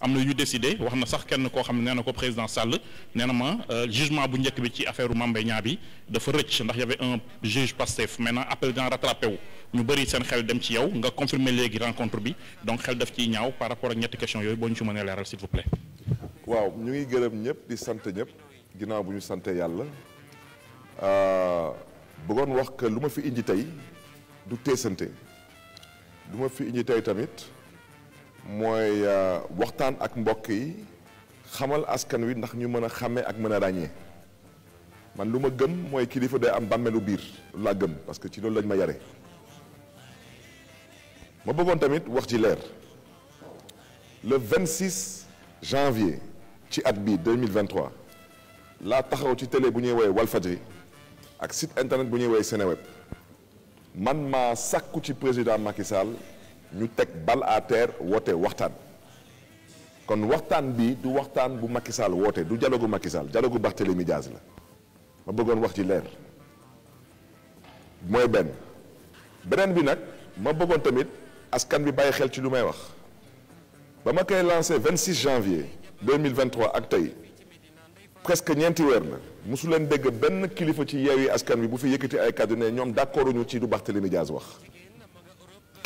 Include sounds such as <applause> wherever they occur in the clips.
am ñu décidé waxna sax kenn ko xamné ne ko président Sall nee ma euh, jugement bu njëkk bi ci affaire Mame Mbaye dafa rëcc ndax y avait un juge Pastef maintenant appel d'en rattraper wu ñu bari seen xel dem ci yow nga confirmer légui rencontre bi donc xel daf ci ñaaw par rapport ak ñetti question yoy boo ñu ci mëna léral s'il vous plaît. waaw ñu ngi gërëm ñëpp di sant ñëpp ginaaw bu ñu sante euh bëggoon wax que luma fi indi tay du teesante lu ma fi indi tay tamit moy euh, waxtan ak mbokk yi xamal askan wi ndax ñu mëna a ak mëna a man luma gëm moy kilifa day am parce que ci loolu lañ ma ma tamit wax ci le 26 janvier ci 2023 la taxaw ci télé bu site internet bu ñuy Seneweb man ma sakku ci président Macky Sall ñu teg bal à terre wote waxtaan kon waxtaan bi du waxtaan bu Macky Sall woote du dialogu Macky Sall dialogu Barthélémy Diaz la ma bëggoon wax ci leer mooy benn beneen bi nag ma bëggoon tamit askan bi bàyyi xel ci lu may wax ba ma koy lancé 26 janvier 2023 ak tey presque ñeenti weer na mosu leen dégg benn kilifa ci yeewi askan bi bu fi yëkkati ay kàddu ne ñoom ñu ci du Barthélémy Diaz wax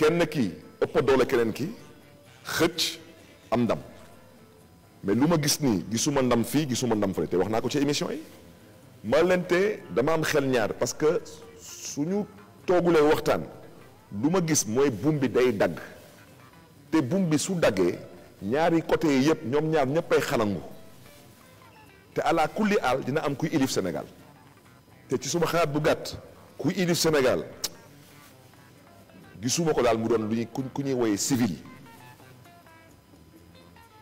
kenn ki ëpp doole keneen ki xëcc am ndam mais lu ma gis nii gisuma ndam fii gisuma ndam fële te wax naa ko ci émission yi ma lente dama am xel ñaar parce que suñu toogulee waxtaan lu ma gis mooy buum bi day dagg te buum bi su daggee ñaari côté yi yëpp ñoom ñaar ñëppay xalangu te ala kulli aal dina am kuy ilif Sénégal te ci suma xalaat bu gàtt kuy ilif Sénégal gisuma ko dal mu don luñu ñuy ku civil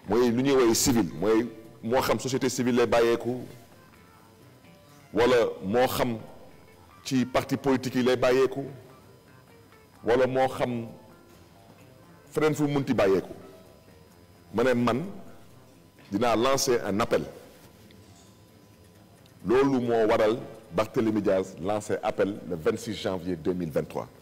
moy luñu ñuy civil moy mo xam société civile lay bàyyeeku wala mo xam ci parti politique yi lay bàyyeeku wala mo xam feneen fu munti bàyyeeku ma ne man dina lancer un appel lolou mo waral Barthélémy Diaz lancer appel le 26 janvier 2023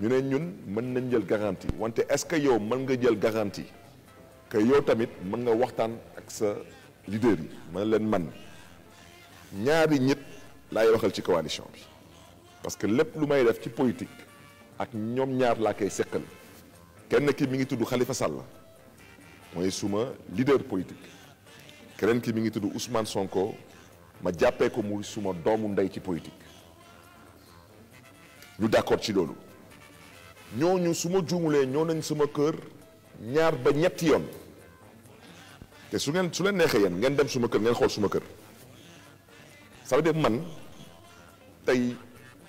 ñu ne ñun mën nañ jël garantie wante est-ce que yow mën nga jël garantie que yow tamit mën nga waxtaan ak sa leader yi mën leen man ñaari ñit lay waxal ci coalition bi parce que lepp lu may def ci politique ak ñom ñaar la kay sekkal kenn ki mi ngi tuddu Khalifa Sall moy suma leader politique keneen ki mi ngi tuddu Ousmane Sonko ma jappé ko muy suma doomu ndey ci politique ñu d'accord ci lolu ñooñu su ma juumulee ñoo nañ suma kër ñaar ba ñetti yoon te su ngeen su leen neexee yenn ngeen dem suma kër ngeen xool suma kër ça veut man tey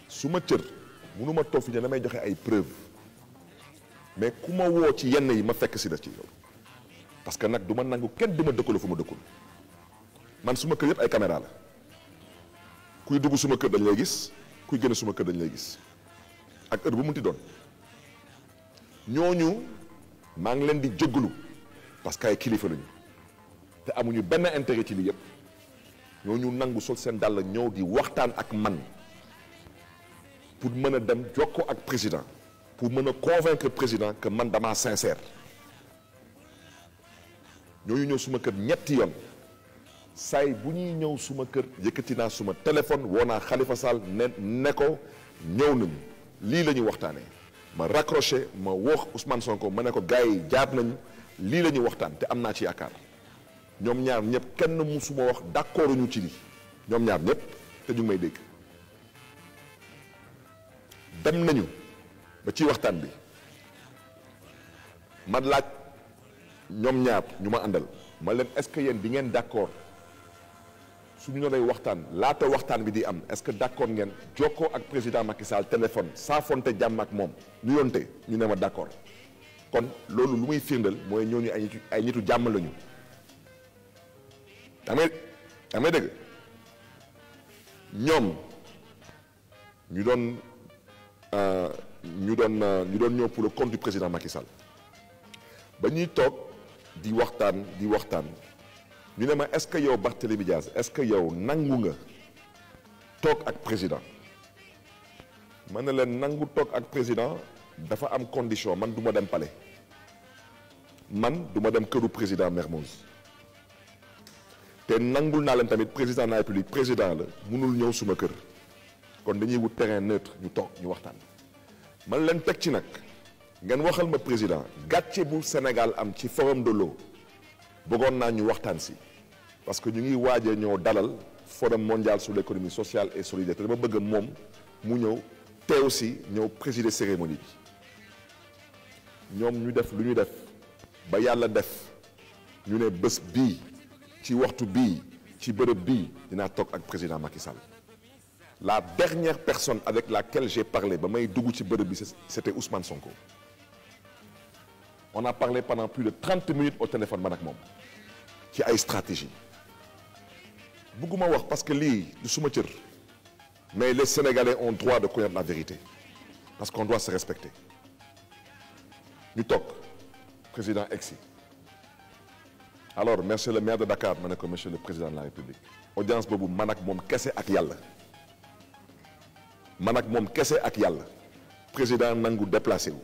su ma cër mënu ma toog fi ne damay joxe ay preuve mais ku ma woo ci yenn yi ma fekk si la ci yow parce que nag du ma nangu kenn du ma dëkkaloo fu ma dëkkul man suma kër yëpp ay caméra la kuy dugg suma kër dañ lay gis kuy génn suma kër dañ lay gis ak heure bu munti doon ñooñu maa ngi leen di jéggalu parce que kilifa lañu te amuñu benn intérêt ci lii yëpp ñooñu nangu sol seen dàll ñëw di waxtaan ak man pour mën a dem jokkoo ak président pour mën a convaincre président que man damaa sincère ñooñu ñëw suma kër ñetti yoon saay bu ñuy ñëw suma kër yëkkati naa suma téléphone woo naa Khalifa Sall ne ne ko ñëw nañu lii la ñuy waxtaanee. ma raccroché ma wax Ousmane Sonko mané ko gay jaar nañu li lañu waxtaan te amna ci yaakaar ñom ñaar ñep kenn musuma wax d'accordu ñu ci li ñom ñaar ñep te ñu may dégg dem nañu ba ci waxtaan bi mad laaj ñom ñaar ñuma andal ma leen est-ce que yeen di ngeen d'accord su suñu nee waxtaan laata waxtaan bi di am est-ce que d'accord ngeen jokkoo ak président Macky Sall téléphone saa fonte jàmm ak moom ñu yonte ñu ne ma d'accord kon loolu lu muy firndal mooy ñooñu ay nitu ay nitu jàmm lañu. damay damay dëgg ñoom ñu doon euh, ñu doon euh, ñu doon ñëw pour le compte du président Macky Sall ba ñuy toog di waxtaan di waxtaan. est-ce que yow Barthélémy Diaz est-ce que yow nga ak président Je ne leen nangu toog ak président dafa am condition man du ma dem man du ma dem président Mermoz te nangul naa leen tamit président de la république président la mënul ñëw suma kër kon dañuy wut terrain neutre ñu ñu man ci président gàcce bu Sénégal am ci forum de l'eau bëggoon naa ñu waxtaan parce que ñu ngi waaj forum mondial sur l'économie sociale et solidaire te dama bëgg moom mu ñëw teew aussi ñëw présider cérémonie bi ñoom ñu def lu ñu def ba yàlla def de ne bés bii ci waxtu bii ci bërëb bii dinaa toog ak président Macky Sall la dernière personne avec laquelle j'ai parlé ba may dugg ci bërëb bi c'était Ousmane Sonko on a parlé pendant plus de 30 minutes au téléphone manak Mom, qui a une stratégie Beaucoup wax parce que lii du suma mais les Sénégalais ont droit de connaître la vérité parce qu'on doit se respecter Nutok, président EXI. alors merci le maire de Dakar monsieur le président de la République audience Bobou Manak Mom Kessé Akyal. ak Mom Mom, qu'est-ce président Nangou, déplacez-vous.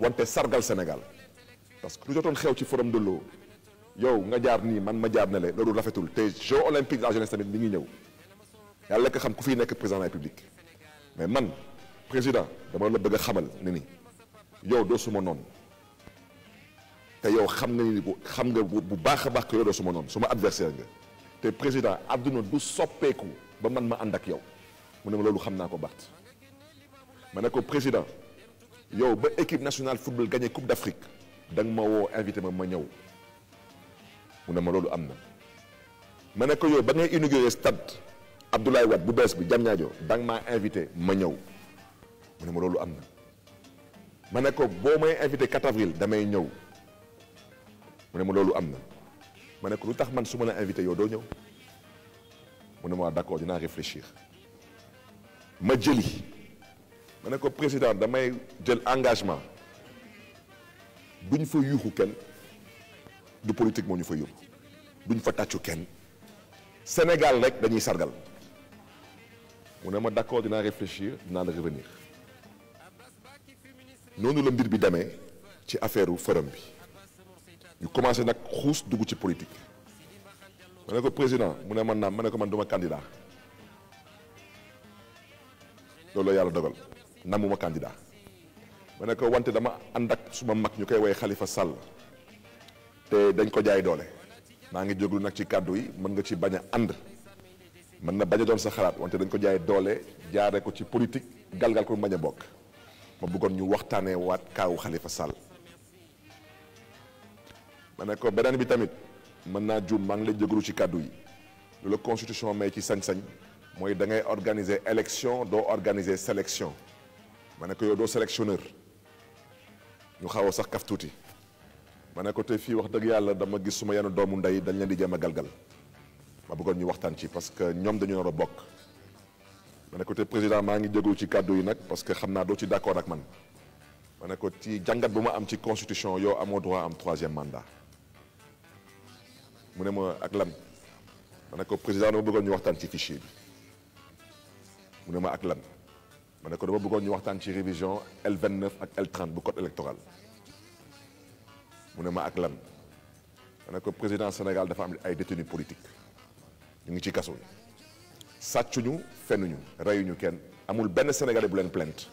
wante sargal Sénégal parce que lu jotoon xew ci forum de l'eau yow nga jaar nii man ma jaar na le loolu rafetul te jeux olympiques de tamit mi ngi ñëw yàlla ko xam ku fiy nekk président de la République mais man président dama la bëgg a xamal ne ni yow doo suma noon te yow xam nga ni xam nga bu baax a baax que yow doo suma noonu suma adversaire nga te président àdduna du soppeeku ba man ma ànd ak yow mu ne ma loolu xam naa ko baax ma ne ko président Yo, ba équipe nationale football gagné coupe d'Afrique Dang ma wo invité ma ma ñëw mu ma loolu amna mané ko yo ba ngay inaugurer stade Abdoulaye Wade bu bees bi Diamniadio dang ma invité ma ñew mune ma loolu amna mané ko bo may invité 4 avril damay ñew mune ma loolu amna mané ko lutax man suma la invité yo do ñew mune ma d'accord dina réfléchir ma jëli ma ko président damay jël engagement bu ñu fa yuuxu kenn du politique moo ñu fa yóbbu du ñu fa tàccu kenn Sénégal rek dañuy sargal mu ne ma d'accord dinaa réfléchir dinaa la revenir noonu la mbir bi demee ci affaire forum bi ñu commencé nag xuus dugg ci politique ma ko président mu ne man naam ma ne ko man duma candidat loolu la yàlla dogal namuma candidat ma ne ko wante dama ànd ak suma mag ñu koy woy xalifa Sall te dañ ko jaay doole maa ngi jóglu nag ci kàddu yi mën nga ci bañ a ànd mën na bañ a doon sa xalaat wante dañ ko jaay doole jaare ko ci politique galgal ko bañ a bokk ma bëggoon ñu waxtaanee waat kaawu xalifa Sall ma ne ko beneen bi tamit mën naa juum maa ngi lay jóglu ci kàddu yi lu la constitution may ci sañ-sañ mooy da ngay organiser élection doo organiser sélection ma ne ko yow doo sélectionneur ñu xaw a sax kaf tuuti ma ne ko tey fii wax dëgg yàlla dama gis suma yenn doomu ndey dañ leen di jéem a galgal ma bëggoon ñu waxtaan ci parce que ñoom dañu nar a bokk ma ne ko tey président maa ngi jégalu ci kàddu yi nag parce que xam naa doo ci d'accord ak man ma ne ko ci jàngat bu ma am ci constitution yow amoo droit am troisième mandat mu ne ma ak lan ma ne ko président dama bëggoon ñu waxtaan ci fichier bi mu ne ma ak lan mané ko dama bëggoon ñu waxtaan ci révision L29 ak L30 du code électoral mu ne ma ak lan mané ko président Sénégal dafa am ay détenus politiques ñu ngi ci ñu yi ñu rayu ñu kenn amul benn Sénégalais bu leen plainte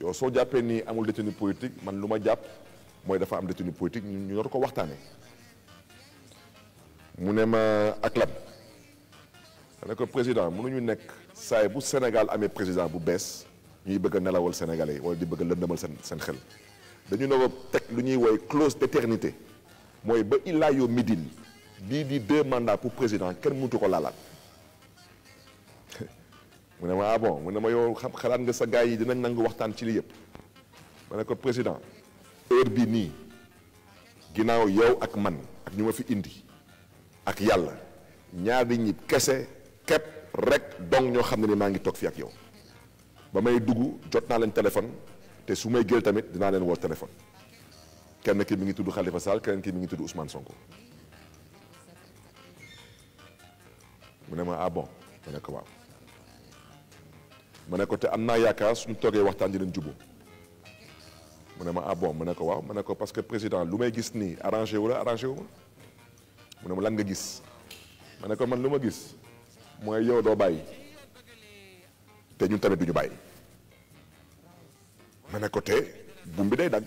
yow soo jàppee amul détenu politique man lu ma jàpp mooy dafa am détenu politique ñu war ko waxtaanee mu ne ma ak lan ma ne ko président mënuñu nekk. saay bu Sénégal amee président bu bees ñuy bëgg a nelawal sénégalais yi wala di bëgg a lëndëmal seen seen xel dañu ne a teg lu ñuy woy clause d'éternité mooy ba illaayo midin bii di deux mandats pour président kenn mëntu ko laalaat <laughs> mu ne ma ah bon mu ne ma yow xam xalaat nga sa gars yi dinañ nangu waxtaan ci li yëpp ma ne ko président heure bi nii ginnaaw yow ak man ak ñu ma fi indi ak yàlla ñaar ñaari ñi kese képp rek donc ñoo xam ne ni maa ngi toog fii ak yow ba may dugg jot naa leen téléphone te su may gél tamit dinaa leen woo téléphone kenn ki mi ngi tudd Khalifa Sall keneen ki mi ngi tudd Ousmane Sonko mu ne ma ah bon ne ko waaw ma ne ko te am naa yaakaar suñu toogee waxtaan dinañ jubóo mu ne ma ah bon ma ne ko waaw ma ne parce que président lu may gis nii arrangé wu la arrangé wu ma mu ne ma lan nga gis ma ne ko man lu ma gis mooy yow do bàyyi té ñun tamit duñu ko té day dag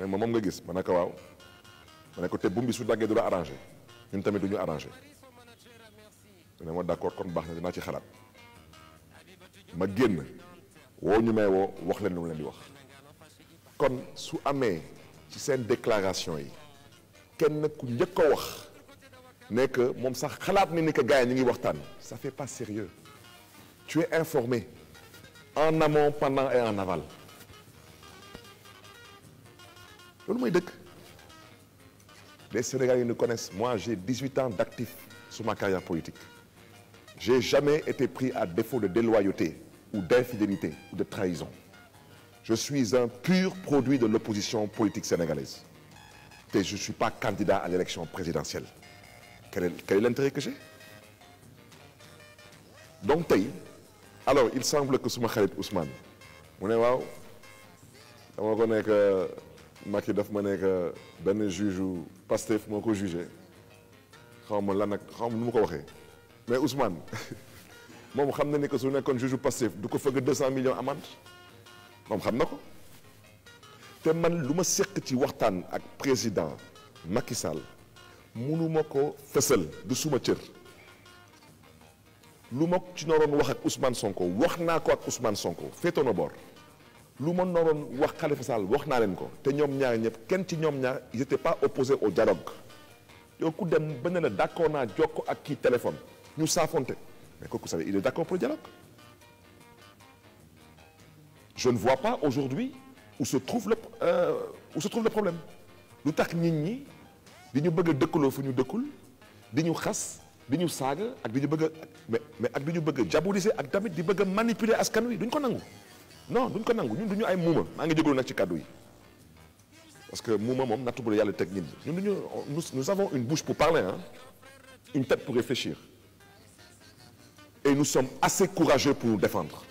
nga gis mané ko waaw mané ko té du la ñun tamit duñu arranger ma d'accord kon baax na ci xalat ma génn woo ñu may woo wax leen lu leen di wax kon su amee ci déclaration yi kenn ku njëkk ne que sax ni que ça fait pas sérieux tu es informé en amont pendant et en aval les Sénégalais nous connaissent moi j'ai 18 ans d'actif sur ma carrière politique Je n'ai jamais été pris à défaut de déloyauté ou d'infidélité ou de trahison je suis un pur produit de l'opposition politique sénégalaise et je ne suis pas candidat à l'élection présidentielle quel est, l'intérêt que j'ai donc tey alors il semble que Souma Khalid Ousmane mu ne waaw dama ko nekk Macky daf ma nekk benn juge ou Pastef moo ko jugé Je ne sais pas ce ma ma mais Ousmane <laughs> moom xam que si que su nekkoon juge u Pastef du ko fëgg 200 millions amende moom xam na ko te man lu ma seq ci avec ak président Macky Sall munuma fessel du suma cër luma ci noron wax ak Ousmane Sonko wax ko ak Ousmane Sonko féetoo na boor lu ma wax Khalifa Sall wax naa ko te ñom ñaar ñep ken ci ñom ñaar ils étaient pas opposés au dialogue yow ku dem ba ne d'accord na joko ak ki téléphone ñu saafonte mais kooku savez il est d'accord pour le dialogue je ne vois pas aujourd'hui où se trouve le euh, où se trouve le problème lu tax nit ñi diñu bëgg a dëkkaloo fu ñu dëkkul diñu ñu xas di ñu ak diñu bëgg mais mais ak diñu bëgg a ak tamit di bëgg manipuler askan wi duñ ko nangu non duñ ko nangu ñun duñu ay muuma maa ngi jégalu nag ci kàddu yi parce que muuma moom nattu bu la yàlla teg ñun ñun duñu nous avons une bouche pour parler hein une tête pour réfléchir et nous sommes assez courageux pour nous défendre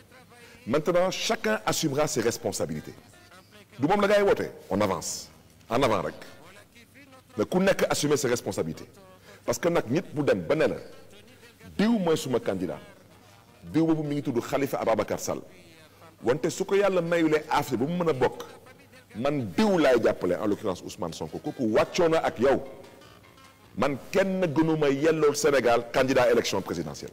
maintenant chacun assumera ses responsabilités du moom la ngay woote on avance en avant rek mais ku que assumer ses responsabilités parce que nak nit pour dem ba ne la diw mooy suma candidat diw boobu mi ngi tudd Khalifa ababakar Sall wante su yalla yàlla mayulee affaire bu mu mën a man diw lay jàppale en l'occurrence Ousmane Sonko koku wàccoo ak yow man kenn gënuma yellool Sénégal candidat élection présidentielle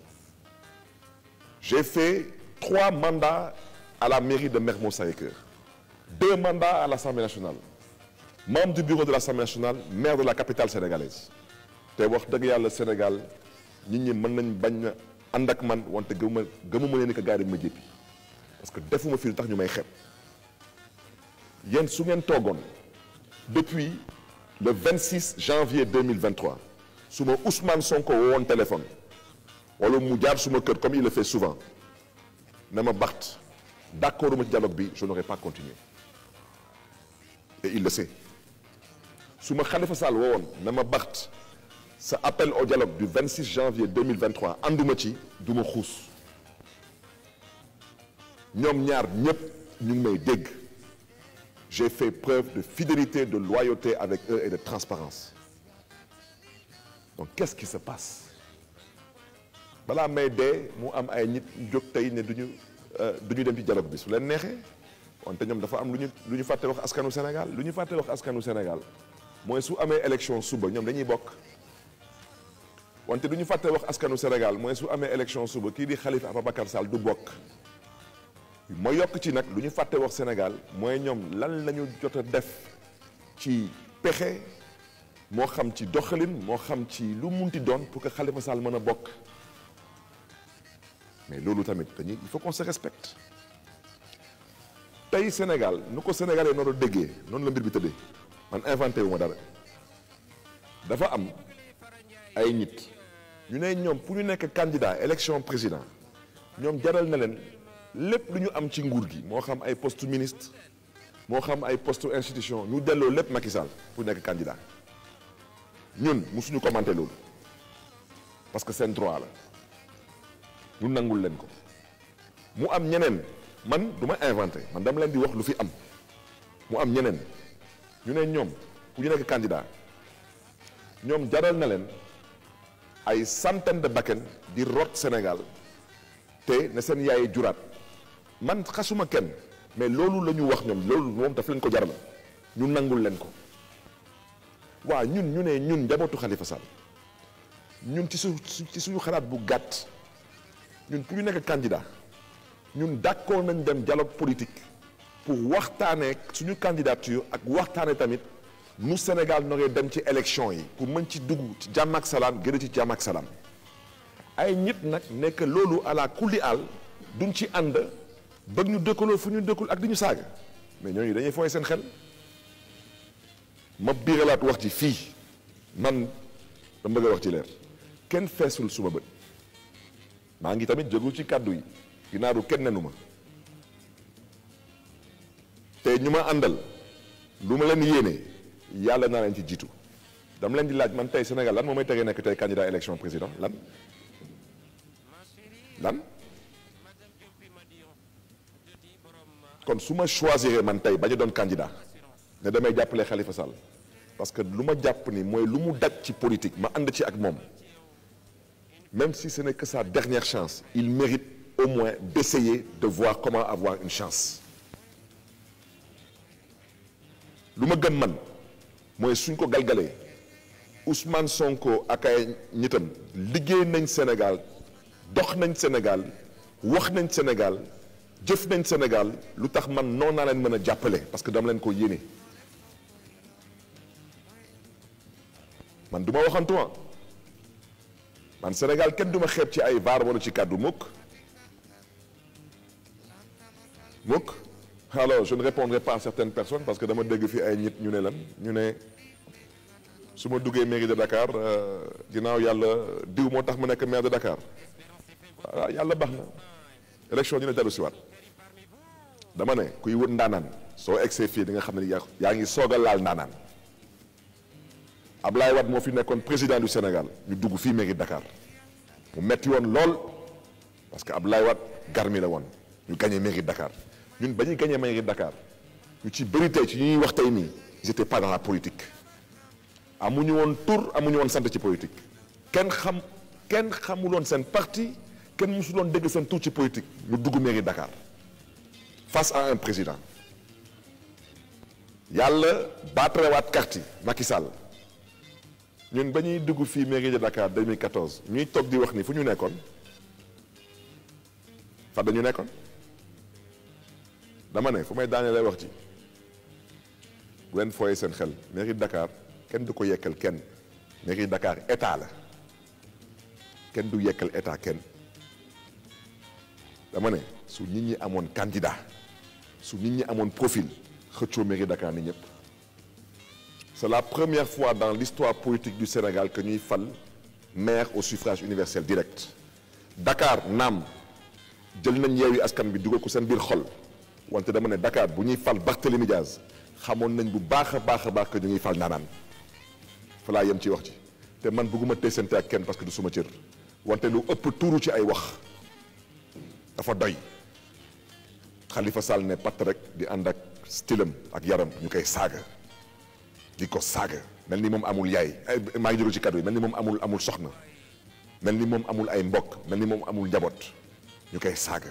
j'ai fait trois mandats à la mairie de Mermoz sacré deux mandats à l'Assemblée nationale membre du bureau de l'Assemblée nationale maire de la capitale sénégalaise te wax Sénégal nit ñi mën nañ bañ a ànd ak man wante gëmuma que je suis dañ ma jéppi parce que defuma fi lu tax ñu may su ngeen depuis le 26 janvier 2023 Sous Ousmane Sonko un téléphone wala mu jaar suma cœur comme il le fait souvent na ma d'accord d'accorduma dialogue je n'aurais pas continué et il le sait su Khalifa Sall woowoon nama ma baxt sa appel au dialogue du 26 janvier 2023 anduma ci duma ma ñom ñaar ñëpp ñu ngi may dégg j'ai fait preuve de fidélité de loyauté avec eux et de transparence donc qu'est-ce qui se passe bala may dee mu am ay nit jóg tay né duñu euh, duñu dem ci dialogue bi su leen on wante ñom dafa am luñu luñu faté wax askanu Sénégal luñu faté wax askanu Sénégal moy su amé élection suba ñom dañuy bok wante duñu faté wax askanu Sénégal moy su amé élection suba ki di Khalifa ababakar Sall du bok ma yok ci nak luñu faté wax Sénégal moy ñom lan lañu jotta def ci pexé mo xam ci doxalin mo xam ci lu munti doon pour que Khalifa Sall mën a mais lolu tamit dañuy il faut qu'on se respecte Pays Sénégal nuko ko Sénégalais noonu déggee noonu la mbir bi teudé man inventé wu ma dara dafa am ay nit ñu ne ñoom pour ñu nekk candidat élection président ñoom jaral na leen lépp lu ñu am ci nguur gi moo xam ay poste ministre moo xam ay poste institution ñu delloo lépp Macky Sall pour nekk candidat ñun musuñu commenté loolu parce que seen droit la ñu nangul leen ko mu am ñeneen man duma ma inventé man dama leen di wax lu fi am mu am ñeneen ñu ne ñoom pour ñu nekk candidat ñoom jaral na leen ay centaine de bakken di rot Sénégal te ne seen yaay juraat man xasuma kenn mais loolu lañu wax ñoom loolu moom daf leen ko jaral ñu nangul leen ko waa ñun ñu ne ñun njabootu xalifa Sall ñun ci su ci suñu xalaat bu gàtt ñun pour ñu nekk candidat ñun d'accord nañ dem dialogue politique pour waxtaanee suñu candidature ak waxtaanee tamit nu Sénégal noree dem ci élection yi pour mën ci dugg ci jàmm ak salaam gën ci jàmm ak salaam ay ñit nag nekk loolu ala kulli àll duñ ci and bëgg ñu dëkkaloo fu ñu dëkkul ak di saga saaga mais ñooñu dañuy foy seen xel ma biiralaat wax ci fii man dama bëgg a wax ci leer ken fessul suba bët ma ngi tamit jógul ci kàddu yi ginnaaru kenn nenu té ñuma andal luma lu ma leen yéene yàlla naa leen ci jiitu dama leen di laaj man tey Sénégal lan moo may teree nekk tey candidat élection président lan lan kon su ma choisir man tey bañ a doon candidat ne damay jàppale Khalifa Sall parce que lu ma jàpp ni mooy lu mu daj ci politique ma ànd ci ak moom même si ce n'est que sa dernière chance il mérite au moins d'essayer de voir comment avoir une chance lu ma gëm man mooy suñ ko galgalee Ousmane Sonko ak ay ñitam liggéey nañ Sénégal dox nañ Sénégal wax nañ Sénégal jëf nañ Sénégal lu tax man noonu leen mën a jàppale parce que dama leen ko yéene man du ma waxantuma ah. man Sénégal kenn du ma ci ay vaar wala ci kàddu mukk mukk alors je ne répondrai pas à certaines personnes parce que dama dégg fi ay nit ñu ne lan ñu ne su ma mairie de Dakar euh, ginnaaw yàlla diw moo tax mu nekk maire de Dakar waaw yàlla baax na élection ñu ne dellu siwaat dama ne kuy wut ndaanaan soo egsee fii di nga xam ne yaa ngi soog a laal ndaanaan Ablaye Wade moo fi nekkoon président du Sénégal ñu dugg fii mairie de Dakar mu metti un lol parce que Ablaye Wade garmi la woon ñu gagné mairie de Dakar ñun ba ñuy gagné mairie Dakar ñu ci bëri tey ci ñuy wax tey nii ils pas dans la politique amuñu woon tur amuñu woon sant ci politique kenn xam kenn xamuloon seen parti kenn mosuloon dégg seen tur ci politique ñu dugg mairie Dakar face à un président yàlla baatrewaat carte yi Macky Sall ñun ba ñuy dugg fii Dakar 2014 ñuy top di wax ni fu ñu nekkoon fa dañu nekkoon dama ne fu may daane lay wax ci bu leen fooyee seen xel mairie Dakar kenn du ko yekkal kenn mairie Dakar état la kenn du yekkal état kenn dama ne su nit ñi amoon candidat su nit ñi amoon profil xëccoo mairie de Dakar ni ñëpp c'est la première fois dans l'histoire politique du Sénégal que ñuy fal maire au suffrage universel direct Dakar Nam. jël nañ yeewi askan bi dugal ko seen biir xol wante dama ne dakaat bu ñuy fal Barthélémy Diaz xamoon nañ bu baax a baax a baax que ñu fal naanaan fa laa yem ci wax ji te man bëgguma teesante ak kenn parce que du suma cër wante lu ëpp tuuru ci ay wax dafa doy Khalifa Sall ne patt rek di ànd ak stylam ak yaram ñu koy saaga di ko saaga mel ni moom amul yaay eh, maa ngi jëlu ci kàddu yi mel ni moom amul amul soxna mel ni moom amul ay mbokk mel ni moom amul njaboot ñu koy saaga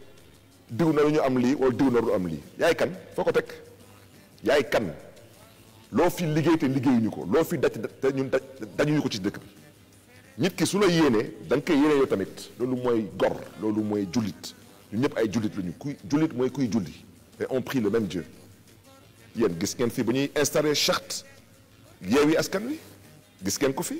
diw na lu ñu am lii wala diw na lu am lii yaay kan foo ko teg yaay kan loo fi liggéey te liggéeyuñu ko loo fi daj te ñun dañu ko ci dëkk bi nit ki su la yéenee da nga koy yéenee tamit loolu mooy gor loolu mooy jullit ñun ñëpp ay jullit lañu kuy jullit mooy kuy julli et on prie le même Dieu yéen gis ngeen fii ba ñuy installé charte Yewwi Askan Wi gis ngeen ko fi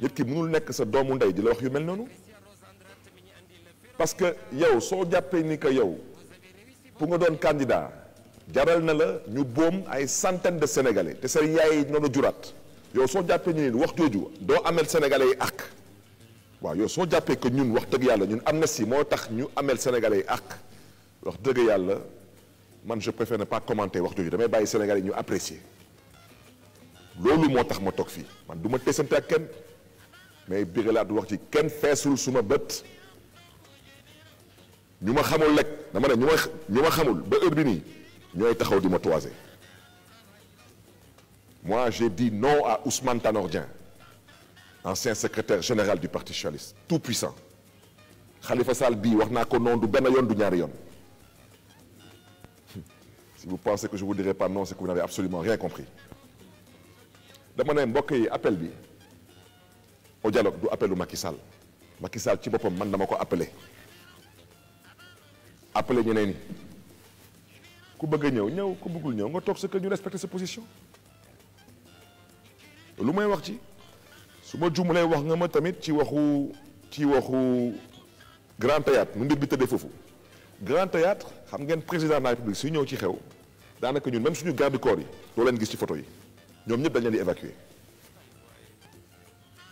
nit ki mënul nekk sa doomu ndey di la wax yu mel noonu parce que yow soo jàppee ni que yow pour nga doon candidat jaral na la ñu boom ay centaine de sénégalais te sa yaay noonu jurat yow soo jàppee ñu ne wax jooju doo amel sénégalais yi ak waaw yow soo jàppee que ñun wax dëgg yàlla ñun si moo tax ñu amel sénégalais yi ak wax dëgg yàlla man je préfère ne pas commenter wax jooju damay bàyyi sénégalais ñu apprécier loolu moo tax ma toog fii man du ma teesante ak kenn mais biralaat wax ci qu'il n'y suma bët nous xamul lek dama ne ñu ma xamul ba heure bi ni ñoy taxaw di ma moi j'ai dit non à Ousmane Tanordien, ancien secrétaire général du parti socialiste tout puissant Khalifa Sall bi waxna ko non du du <laughs> si vous pensez que je vous dirai pas non c'est que vous n'avez absolument rien compris dama ne mbokk yi appel bi au dialogue du appelu Macky Sall Macky Sall ci boppam man dama ko appelé appelé ñeneen ñi ku bëgg a ñëw ñëw ku bëggul ñëw nga toog sa kër ñu respecté sa position lu may wax ci su ma juum wax nga ma tamit ci waxu ci waxu grand théâtre nu mbir bi tëddee foofu grand théâtre xam ngeen président de la république suy ñëw ci xew daanaka ñun même suñu garde corps yi doo leen gis ci photo yi ñoom ñëpp dañ leen di évacuer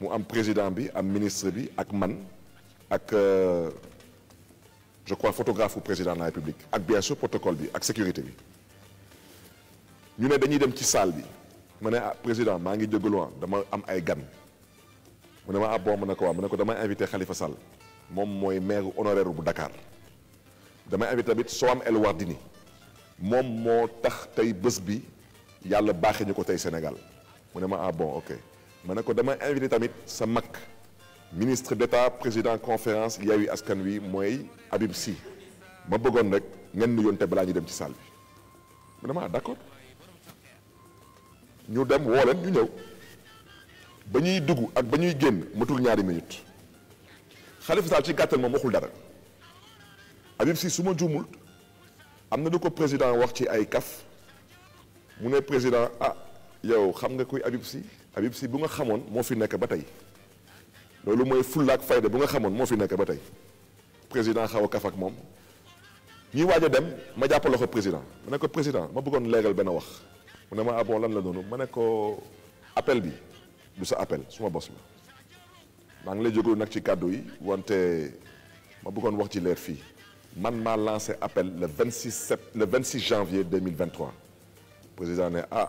mu am président bi am ministre bi ak man ak euh, je crois photographe au président de la république ak bien sûr protocole bi ak sécurité bi ñu né dañuy dem ci salle bi mané ah, président m'a ngi jégaluwaan ah, dama am ay gan mu né ma ah bon ma ne ko waaw ma ko dama invité Khalifa Sall mom moy maire honoraire bu Dakar dama invité tamit Soham El Wardini mom mo tax tay bëss bi yalla baaxee ñuko tay Sénégal mu né ma ah bon ok ma dama invité tamit sa mag ministre d'État président conférence il Yewwi Askan Wi mooy Habib Sy ma bëggoon rek ngeen nuyoonte balaa ñu dem ci salle bi ma dama ah, d'accord ñu dem wolen, leen ñu ñëw ba ñuy dugg ak ba ñuy matul ñaari minute Khalifa Sall ci gàttal moom waxul dara Habib Sy su ma juumul am na président wax ci ay kaf mu président ah yow xam nga kuy Habib Sy Habib si bu nga xamone mo fi nekk ba lolou moy mooy fullaak fayda bu nga xamone mo fi nekk ba tey président xaw kaf ak moom ñuy waaj a dem ma jàpp loxo président ma ko président ma bëggoon légal ben wax mu ne ma abon ah lan la noonu ma ne ko appel bi du sa appel suma boss ma maa ngi lay jógalu nak ci cadeau yi wante ma bëggoon wax ci leer fi man ma lancé appel le 26 sept le 26 janvier 2023 président a. ah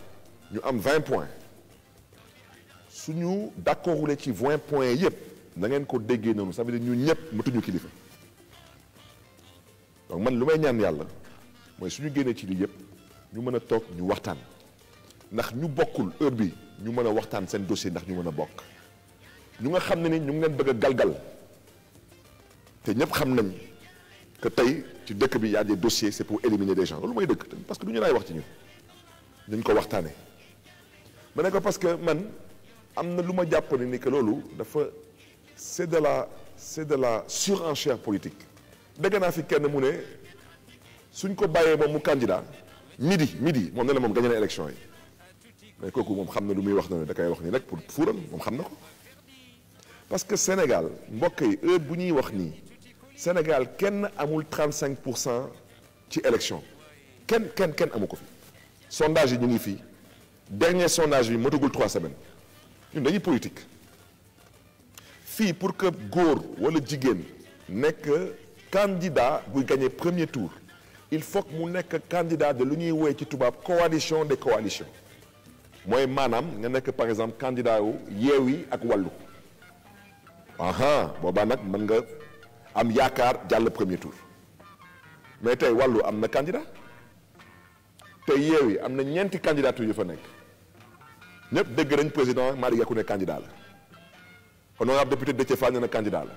Nous avons 20 points Si nous ci 20 points nous na ngeen ko nous. ça veut dire donc man nous avons ñaan yàlla nous suñu si ci Nous nous ñu mën Nous ñu ndax ñu bokul heure bi ñu Nous waxtaan seen dossier nous ñu mëna nous ñu nga ni ñu bëgg galgal xam que nous ci dëkk y a des dossiers c'est pour éliminer des gens parce que duñu lay wax ci ñu dañ ko mais parce que man amna luma lu ni que lolu dafa c'est de la c'est de la surenchère politique dégg na fi kenn mu ne suñ ko bayé moom mu candidat midi midi mom ne la gagné na élection yi mais kooku mom xam na lu muy wax na da kay wax ni nak pour fuuram mom xamna ko parce que Sénégal mbokay heure bu ñuy wax ni Sénégal kenn amul 35 ci élection kenn kenn kenn amuko fi sondage ñu ngi dernier sondage bi motagul trois semaines ñun une politique Si pour que ou le wala n'est que candidat gagner le premier tour il faut que mu candidats candidat de l'Union ñuy woowee ci coalition des coalitions Manam je nga que par exemple candidat ou Yewi ak Wallu aha boobaa je suis nga am dans le premier tour mais tey Wallu am un candidat a Yewi, am candidat candidat tu yu fa candidat ñëpp dégg nañ président Malick Gakou candidat la honorable député de Fall nee na candidat la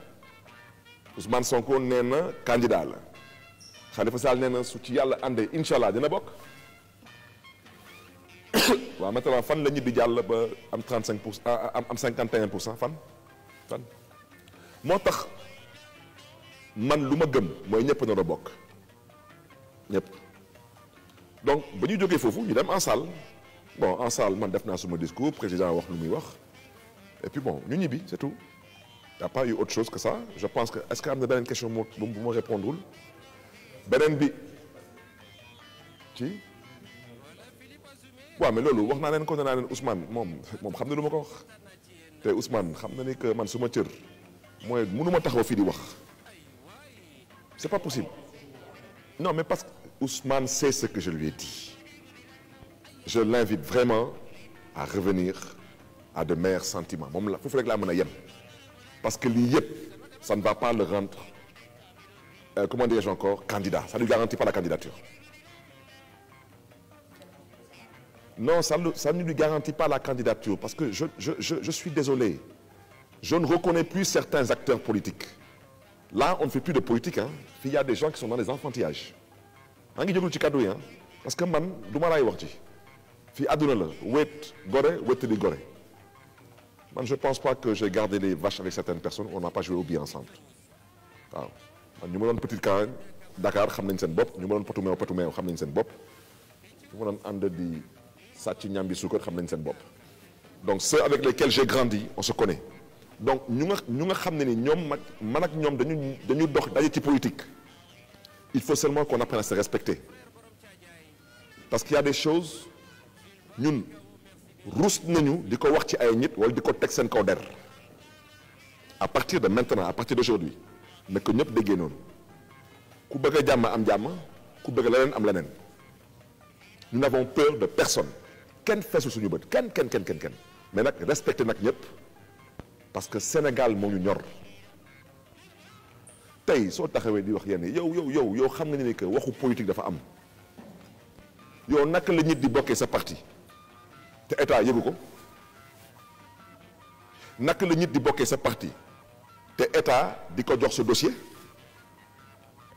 Ousmane Sonko nee na candidat la Khalifa Sall nee na su ci Yalla andé inshallah dina bok <coughs> wa maintenant fan la ñu di jàll ba am 35 ah, am am 51 fan fan motax man luma gëm moy ñepp na do bok ñepp donc ba ñu jógee foofu ñu dem en salle bon en salle man def discours président wax et puis bon ñu c'est tout n'y a pas eu autre chose que ça je pense que est-ce qu'il y a question pour me répondre bi mais Lolo, wax un Ousmane Ousmane que c'est pas possible non mais parce que Ousmane sait ce que je lui ai dit je l'invite vraiment à revenir à de meilleurs sentiments Il faut que parce que l'IEP, ça ne va pas le rendre euh, comment dirais-je encore candidat ça ne lui garantit pas la candidature non ça ne lui garantit pas la candidature parce que je suis désolé je ne reconnais plus certains acteurs politiques là on ne fait plus de politique Il hein. y a des gens qui sont dans les enfantillages hein. parce que man ma fii àdduna la wéet gore wéet di gore man je pense pas que j'ai gardé les vaches avec certaines personnes on n'a pas joué au billet ensemble waaw man ñu ma doon petite Carène Dakar xam nañ seen bopp ñu ma doon potu meew potu meew xam nañ seen bopp ñu ma doon ànd di sàcc ñambi suukar xam nañ seen donc ceux avec lesquels j'ai grandi on se connaît donc ñu nga ñu nga xam ne ni ñoom mag man ak ñoom dañu dañu dox daje ci politique il faut seulement qu'on apprenne à se respecter parce qu'il y a des choses ñun rus nañu diko wax ci ay nit wala diko tek sen ko der à partir de maintenant à partir d'aujourd'hui na ko ñëpp déggee non ku bëgg a am jàmm ku bëgg lenen am lenen nous n'avons peur de personne ken fessu suñu bëtt Ken ken ken ken ken. mais nak respecté nak ñep parce que Sénégal mo ñu ñor tay so taxawé di wax yenn yow yow yow yow xam nga ni que waxu politique dafa am yow nak la nit di bokké sa parti c'est état yëgu ko naka la nit di sa parti te état di ko ce ce dossier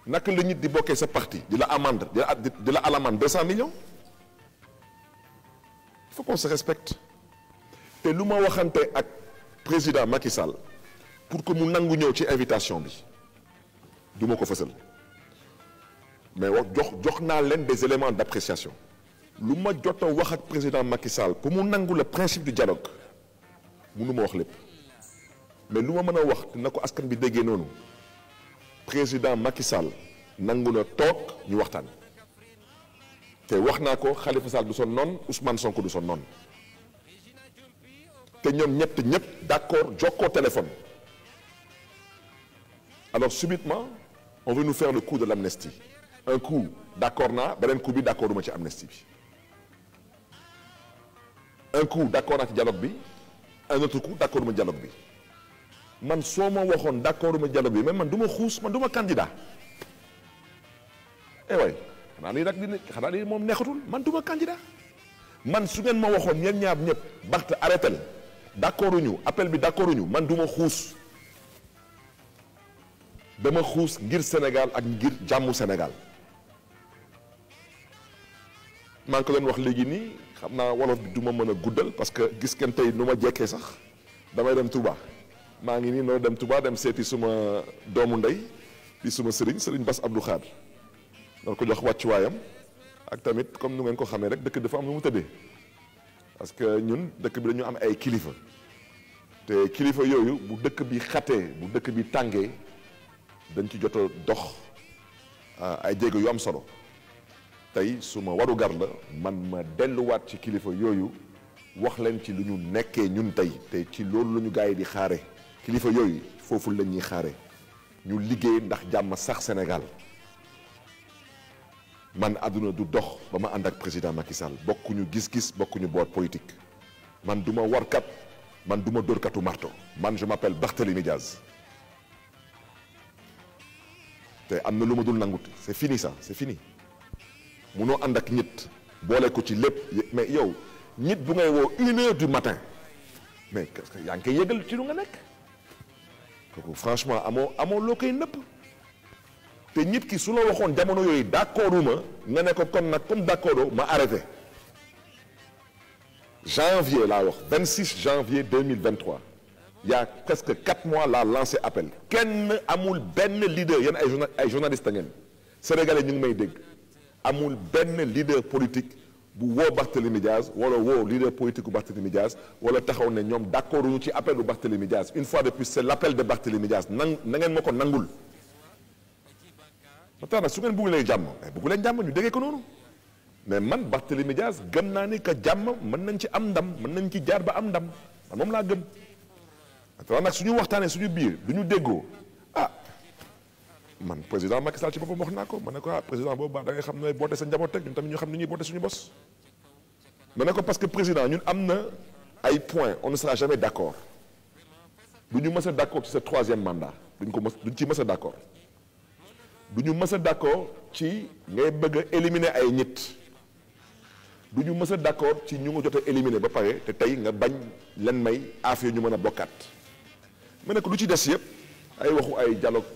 naka la nit di bokkee sa parti de la amende de la de la millions il faut qu'on se respecte te que ma ak président Macky Sall pour que nous nangu ñëw ci invitation bi du fait. ko mais wax jox jox des éléments d'appréciation Lum'a ma wax ak président Macky Sall pour mu nangu le principe du dialogue mënu wax lepp mais lum'a meuna wax na askan bi déggee nonou président Macky Sall nangu na ñu te wax ko Khalifa Sall du son non Ousmane Sonko du son non te ñom ñett ñep d'accord joko téléphone alors subitement on veut nous faire le coup de l'amnistie un coup d'accord n'a, benen coup bi d'accorduma ci amnistie bi un coup d'accord naa dialogue bi un autre coup d'accord ma dialogue bi man soo ma waxoon d'accord ma dialogue bi mais man du ma man candidat eh way xanaa lii nag di xanaa lii moom neexatul man du candidat man su ngeen ma waxoon ñeen ñaar d'accord appel bi d'accord uñu man du ma dama xuus ngir Senegal ak ngir jàmmu Sénégal maa ko doon wax xam naa wolof bi du ma mën a guddal parce que gis ngeen tey nu ma jekkee sax damay dem Touba maa ngi nii noonu dem tubaa dem seeti suma doomu ndey di suma sëriñ sëriñ Bass Abdou Khadre dal ko jox wàccuwaayam ak tamit comme nu ngeen ko xamee rek dëkk dafa am lu mu tëddee parce que ñun dëkk bi dañu am ay kilifa te kilifa yooyu bu dëkk bi xatee bu dëkk bi tàngee dañ ci jot dox ah, ay jéego yu am solo tay suma waru man ma wat ci kilifa yoyu wax len ci luñu ñun te ci loolu Qui di kilifa ñu ndax Sénégal man un ma président Macky Sall ñu gis-gis ñu politique man duma war kat man marto man je m'appelle Barthélémy Diaz te amna luma nangut c'est fini ça c'est fini munoo ànd ak nit boole ko ci lepp mais yow nit bu ngay wo 1h du matin mais qu'est-ce que yaa ngi koy ci lu nga nek kooku franchement amo amo loo koy nëpp te nit ki su la waxoon jamono yoy d'accorduma nga ne ko comme nak comme d'accordo ma arrêté janvier laa wax 26 janvier 2023 il y a presque 4 mois laa lancé appel ken amul ben leader yene ay journaliste ay sénégalais ñu may dégg amul ben leader politique bu wo Barthélémy Diaz wala wo leader politique bu Barthélémy Diaz wala taxaw ne ñom d'accord ñu ci appel bu Barthélémy Diaz une fois de plus c'est l'appel de Barthélémy Diaz nan na ngeen ma nangul ba tax na su ngeen bëgg leen jàmm mais eh, bëgg leen jàmm ñu déggee ko noonu mais man Barthélémy Diaz gëm naa ni que jàmm mën nañ ci am ndam mën nañ ci jaar ba am ndam man moom laa gëm. maintenant nag suñu waxtane suñu biir duñu déggo man président Macky Sall ci boppam wax naa ko ma ne ko ah président boobu da ngay xam nooy boote sa njaboot rek ñun tamit ñu xam ni ñuy boote suñu bos. ma ne ko parce que président ñun am na ay points on ne sera jamais d' accord du ñu mës a d' accord ci sa troisième mandat duñ ko mës duñ ci mës a d' accord du ñu mës a d' accord ci ngay bëgg a éliminer ay nit. du ñu mës a d' accord ci ñu nga jot a éliminé ba pare te tey nga bañ leen may affaire ñu mën a bokkaat ma ne ko lu ci des yëpp ay waxu ay dialogue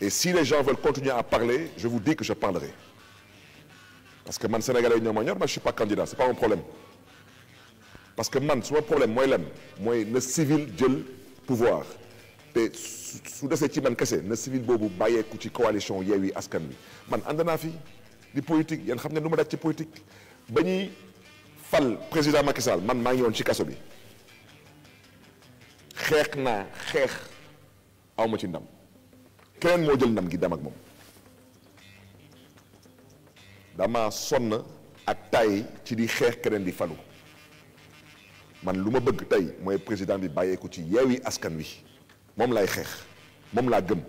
et si les gens veulent continuer à parler je vous dis que je parlerai parce que moi, sénégalais ne suis pas candidat ce n'est pas mon problème parce que man problème moi que moi, le civil le pouvoir Et ces man le civil boobu le ci coalition Askan man politique politique président Macky Sall man ci awma ci ndam keneen moo jël ndam gi dem ak dama sonn ak tay ci di xeex keneen di man lu ma bëgg président bi bàyyeeku ci yeewi askan wi moom lay xeex moom laa gëm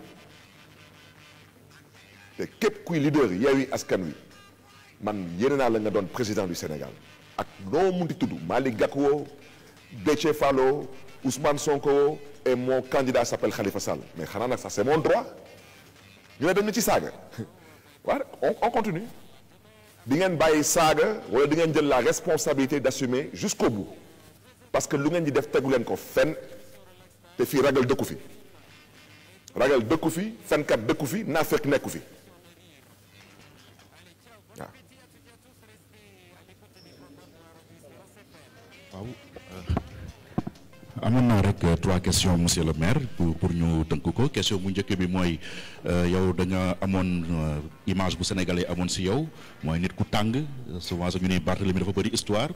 leader yeewi askan wi man yéene naa la nga président du Sénégal ak noo munti tudd Ousmane Sonko et mon candidat s'appelle Khalifa Sall mais xanaa ça c'est mon droit ñu ne dañu ci saga. <laughs> on continue di ngeen bàyyi saaga wala di jël la responsabilité d'assumer jusqu'au bout parce que lu ngeen di def tegu leen ko fen te fii ragal dëkku fi ragal dëkku fi fenkat koufi. fi naa fekk nekku fi waaw. amoon naa eh, rek trois questions monsieur le maire pour pour ñu tënk ko question bu njëkk bi mooy yow da nga amoon image bu sénégalais amoon si yow mooy nit ku tàng eh, souvent ñu ne Barthélemy dafa bëri histoire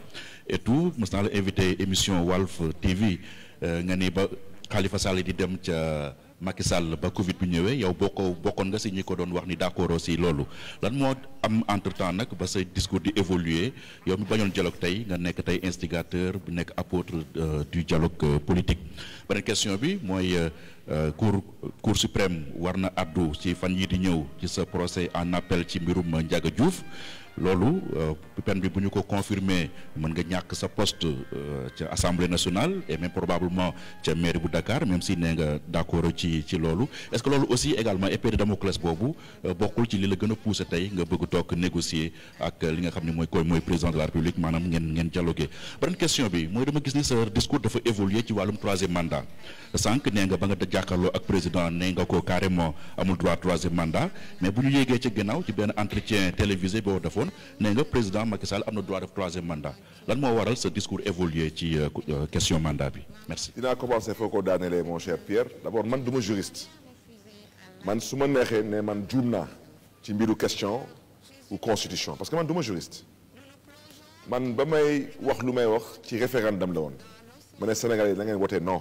et tout mos la invité émission Walf TV eh, nga ni ba Khalifa Sall di dem ca. Macky Sall ba Covid bi ñëwee yow boo bokkoon nga si ñi ko doon wax ni d'accord aussi loolu lan moo am entre nag ba say discours di évoluer yow mi bañoon dialogue tey nga nekk tey instigateur bu nekk apôtre euh, du dialogue euh, politique. beneen question bi mooy euh, cour cour suprême war na addu ci fan yi di ñëw ci sa procès en appel ci mbirum Ndiaga Diouf. loolu euh, peine bi bu ñu ko confirmer mën nga ñàkk sa poste euh, ca assemblée nationale et même probablement ca mairie bu Dakar même si nee nga d'accord ci ci loolu est-ce que loolu aussi également épée de Damoclès boobu euh, bokkul ci li la gën a poussé tey nga bëgg toog négocier ak li nga xam ni mooy koy mooy président de la République maanaam ngeen ngeen dialoguer beneen question bi mooy dama gis ni sa discours dafa évoluer ci wàllum troisième mandat. sànq nee nga ba nga ak président nee nga ko carrément amul droit troisième mandat mais si yégué ci gënaaw ci entretien télévisé bo defoon nee nga président Macky Sall am droit de troisième mandat lan mo waral ce discours évolué ci euh, euh, question mandat bi merci. dinaa commencer foo ko daanelee mon cher Pierre D'abord, je man duma juriste man suma nexé né man djumna ci mbiru question ou constitution parce que man suis juriste man bamay wax lu may wax ci référendum la won mané Sénégalais da ngeen wootee non.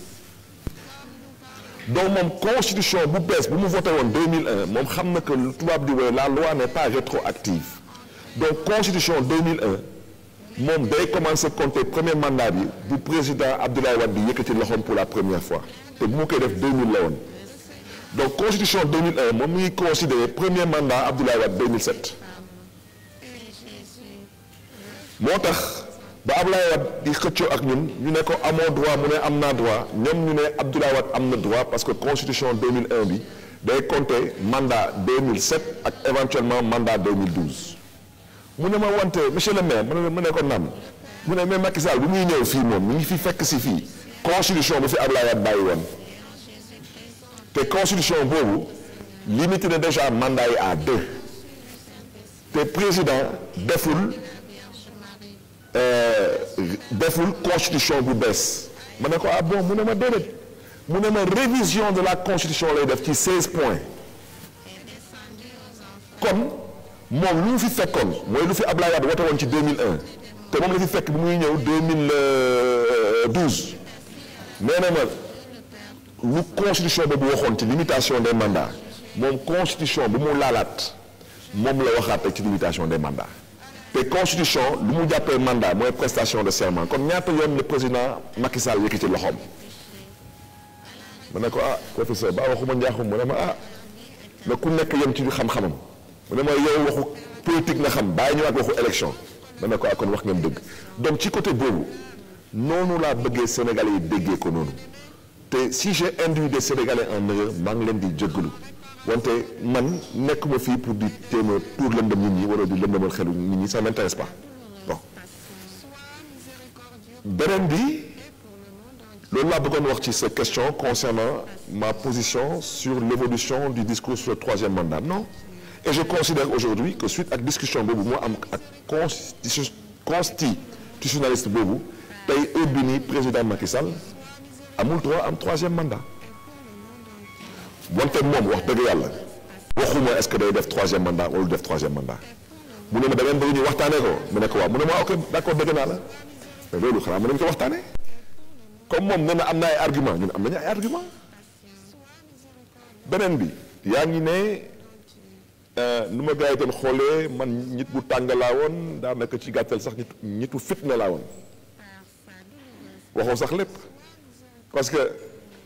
donc mon constitution de bu 2001 je sais que la loi n'est pas rétroactive donc constitution 2001 moom commence à compter premier mandat du président Abdoulaye qui était le homme pour la première fois te bu mu def 2000 donc constitution 2001 mon considère le premier mandat Abdoulaye en 2007 ba Abdoulaye Wade di xëccoo ak ñun ñu ne ko amoo droit mu ne am droit ñoom ñu ne Abdoulaye Wade droit parce que constitution 2001 bi day compter mandat 2007 ak éventuellement mandat 2012. mu ne ma wante monsieur le maire mu ne ko naam mu ne mais Macky Sall bu muy ñëw fii moom mu ngi fi fekk si fii constitution bu fi Abdoulaye Wade bàyyi woon te constitution boobu limité na déjà mandat yi à deux te président deful. Euh, deful constitution bu bees ma ne ko ah bon mu ne ma déedéet mu ma révision de la constitution lay def ci 16 points Comme, moom lu mu fi fekkoon mooy lu fi Ablaye Wade wote woon ci 2001 te moom la fi fekk bu muy ñëw 2012 nee na ma lu constitution boobu waxoon limitation des mandats moom constitution bu mu laalaat moom la waxaat ci limitation des mandats la constitution le mandat prestation de serment Comme le président Macky Sall été Je ne ah, professeur ba waxuma ah ku nekk ci xam-xamam mu ne yow waxu politique nga xam ah, donc ci côté nous Sénégalais si j'ai induit des Sénégalais en erreur je leen wante man nekkuma fii pour di que a tuur lëndëm nit ñi wala di lëndëmal xelu nit ñi ça m'intéresse pas bon beneen bi loolu laa bëggoon wax ci sa question concernant ma position sur l'évolution du discours sur le troisième mandat non et je considère aujourd'hui que suite ak discussion boobu moo am ak constitutionnaliste boobu tey heure bi nii président Macky Sall amul droit am troisième mandat wante moom wax dëgg yàlla waxuma est-ce que day def troisième mandat wala def troisième mandat mu ne ma da ngeen bëgg ñu waxtaanee ko mu ne ko waaw mu ne ma ok d'accord dëgg naa la mais loolu xanaa mën nañu ko waxtaanee comme moom nee am na ay argument ñun am nañu ay argument beneen bi yaa ngi ne euh, nu ma gars yi doon xoolee man nit bu tàng laa woon daanaka ci gàttal sax nit nitu fitna laa woon ah, waxoo sax lépp parce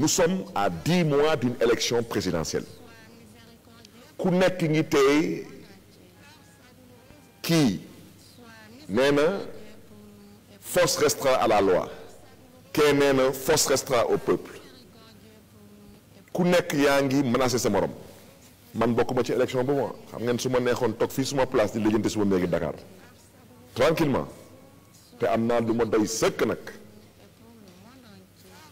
nous sommes à dix mois d'une élection présidentielle ku est ngi force restera à la loi Qui force restera au peuple ku nekk menace ngi menacé sa morom man bokkuma ci élection bu ma xam ngeen su ma neexoon toog suma place di lijjanti suma néegi Dakar tranquillement te am naa lu ma doy sëkk nag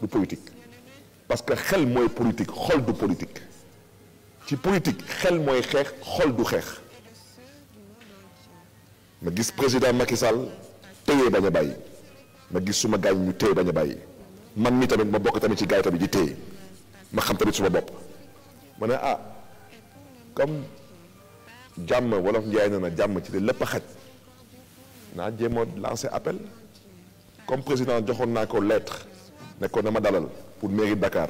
du politique parce que xel moy politique xol du politique ci politique xel moy xex, xol du xex. ma gis président Macky Sall téye bañ a ma gis suma ñu teye baña a man mi tamit ma bokk tamit ci gaay tamit di teye. ma xam tamit suma bopp ma ne ah comme jàmm wolof njaay na na jàmm ci lépp a xaj naa jéemoo lancé appel comme président joxoon naa ko lettre nekkoon na ma dalal pour mérite Dakar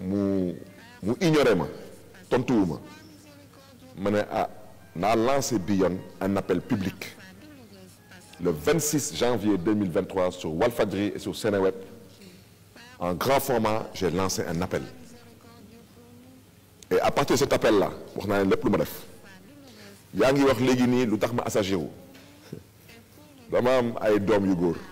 mu mu ignoré ma tontuwu ma à, ne ah, lancé un appel public le 26 janvier 2023 sur Walfadri et sur Seneweb en grand format j'ai lancé un appel et à partir de cet appel là pour naa le plus lu ma def yaa ngi wax léegi nii lu tax ma <laughs>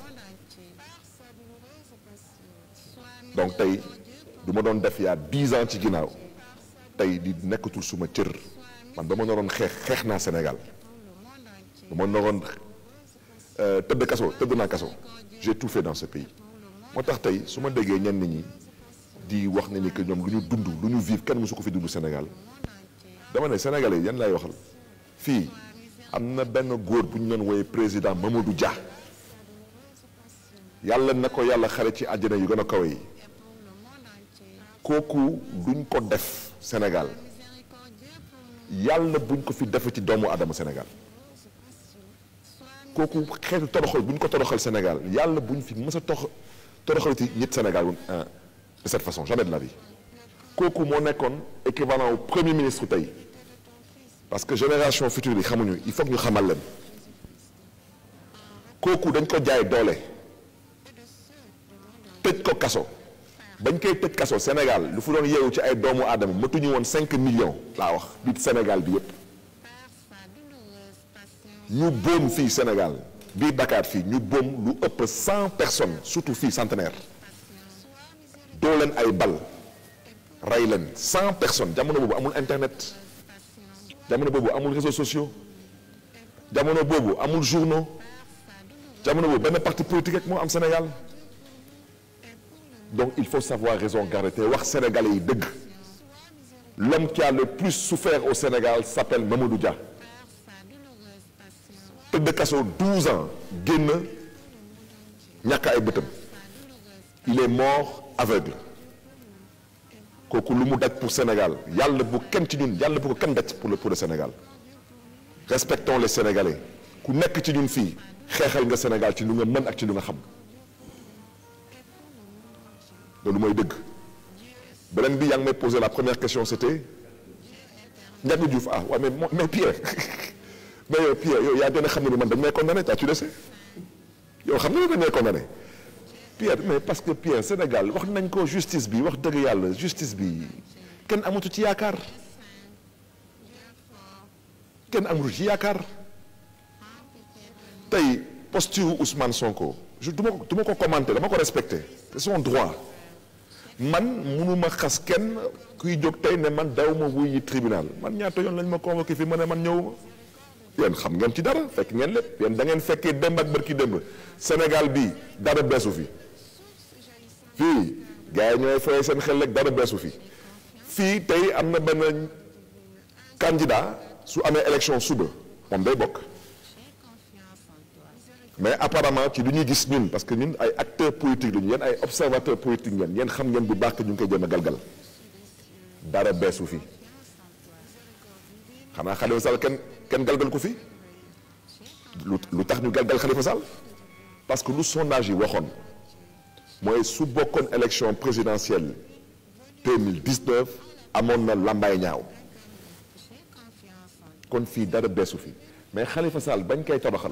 donc tay, du ma doon def yaa dix ans ci ginnaaw tey di nekkatul suma cieur man ba ma xex xex na senegal Sénégal ba euh naroon kasso kaso na kasso j'ai tout fait dans ce pays motax tay suma dege ñen déggee ñi di wax ne ni que ñom luñu dund luñu vivre kenn mësu ko fi dund senegal dama ne Sénégalais yan lay waxal fi amna na benn góor bu ñu doon président Mamadou Dia yalla nako yalla xaré ci àjjana yu gëna kawé yi koku duñ ko def Sénégal yàlla buñ ko fi defee ci doomu adama Sénégal koku xeetu toroxal buñ ko toroxal Sénégal yàlla buñ fi mës a tox toroxal ci ñit Sénégal euh, de cette façon jamais de la vie koku mo nekkoon équivalent au premier ministre tay parce que génération future yi xamuñu il faut ñu xamal leen koku dañ ko jaay doole tëj ko kasso bañ koy au Sénégal lu fu doon 5 millions là wax Sénégal bi Sénégal bi Dakar lu 100 personnes surtout fi centenaire Dolen ay bal 100 personnes jamono boobu amul internet jamono bobo, amul réseaux sociaux amul journaux benn parti politique Sénégal donc il faut savoir raison garder sénégalais yi l'homme qui a le plus souffert au Sénégal s'appelle Mamoudou Dia Il a 12 ans il est mort aveugle Il lu mu daj pour Sénégal Il est mort pour le Sénégal respectons les Sénégalais ku nekk ci ñun fii Sénégal ci lu nga mën ak loolu mooy dëgg bi posé la première question c'était Ndiaga Diouf ah waaw mais mais Pierre <laughs> mais Pierre il yaa a xam ne ni man dañ may condamné t'as-tu le sais. xam nga ne dañ may condamné Pierre mais parce que Pierre Sénégal wax nañ ko justice bi wax dëgg yàlla justice bi Ken amatu ci Ken kenn amatu ci yaakaar posture Ousmane Sonko je du ma ko commenter, ma ko commenté c'est son droit. man munuma xas kenn kuy jóg tey ne man daw ma wuy yi tribunal man ñaata yoon lañ ma convoqué fii ma ne man ñëwuma yéen xam ngeen ci dara fekk ngeen lépp yéen da ngeen fekkee démb ak bërki démb Sénégal bi dara beesu fi fii gars yi ñooy fooy seen xel rek dara beesu fi fii tey am na benn candidat su amee élection suba moom day bokk mais apparemment ci lu ñuy gis ñun parce que ñun ay acteurs politiques lañu yéen ay observateurs politiques ngeen yéen xam ngeen bu baax ñu ngi koy jéem a galgal dara beesu fi xanaa Khalifa Sall kenn kenn galgal ko fi lu lu tax ñu galgal Khalifa Sall parce que lu sondage yi waxoon mooy su bokkoon élection présidentielle 2019 amoon na làmbaay ñaaw kon fii dara beesu fi mais Khalifa Sall bañ koy tabaxal.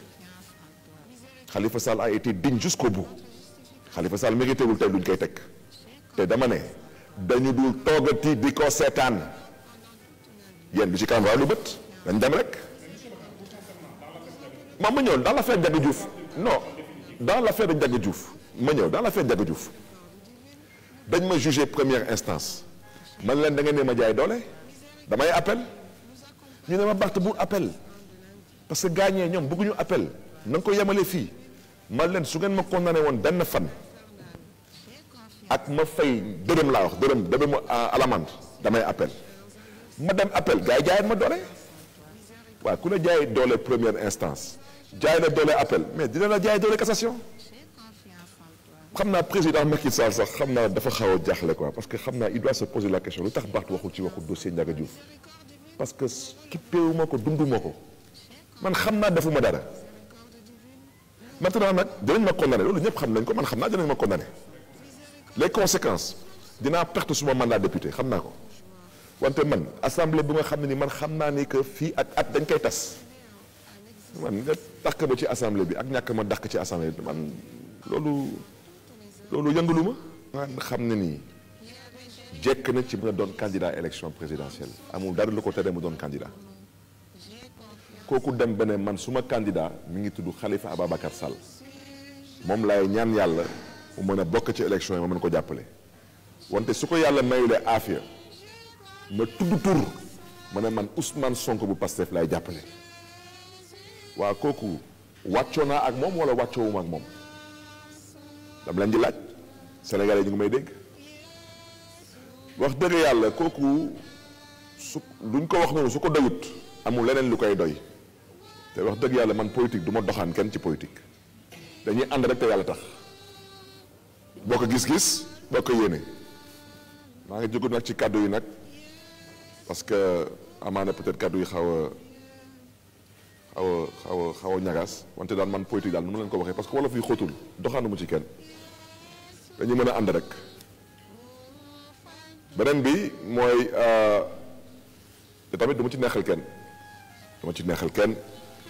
Khalifa Sall a été digne jusqu'au bout Khalifa Sall mérité le tey de koy teg te dama ne dañu dul toogati di ko seetaan yéen lu ci kan walu lu dañ dem rek. ma ma ñëw dans l'affaire Ndiaga Diouf non dans l'affaire de Diouf ma ñëw dans l'affaire Ndiaga Diouf dañ ma juger première instance man leen da nga ne ma jaay doole damay appel ñu ne ma Barth bu appel parce que ñom bëggu ñu appel Nang ko yamalé fi malen sugen su ngeen ma condamné woon benn fan ak ma fay deureum la wax deureum dërëm dërëmu euh, alamande damay appel ma dem appel gay jaay ma dolé wa ku la jaay dolé première instance jaay la dolé appel mais dina la jaay dolé cassation xamna président Macky Sall sax xamna dafa xaw jaxlé quoi parce que xamna il doit se poser la question lu tax baat waxul ci waxu dossier Ndiaga Diouf parce que kippéewu ma ko dundu ma man xamna dafuma dara maintenant je dinañ ma condamné lolu ñep xam nañ ko man xam ma les conséquences dina perte suma mandat député xam na ko wante man assemblée bu nga xam ni man xam ni que ak at dañ koy man nga ci assemblée bi ak ci assemblée man ne na ci a élection présidentielle amul candidat. kooku dem ba ne man suma candidat mi ngi tudd Khalifa Ababacar Sall moom laay ñaan yàlla mu mën a bokk ci élection yi ma mën ko jàppale wante su ko yàlla mayulee aafiya ma tudd tur ma ne man Ousmane Sonko bu Pastef lay jàppale waa kooku wàccoo naa ak moom wala wàccoowuma ak moom dam lañ di laaj Sénégalais ñu ngi may dégg wax dëgg yàlla kooku su luñ ko wax noonu su ko doyut amul leneen lu koy doy te wax dëgg yàlla man politique du doxaan kenn ci politique dañuy ànd rek te yàlla gis-gis boo ko yéene maa ngi jógu nag ci kàddu yi nag parce que amaana peut-être kàddu yi xaw a xaw a xaw a xaw a ñagaas wante daal man politique daal nu leen ko waxee parce que wolof yi xóotul ci kenn dañuy mën a ànd rek beneen bi mooy euh, te tamit ci neexal kenn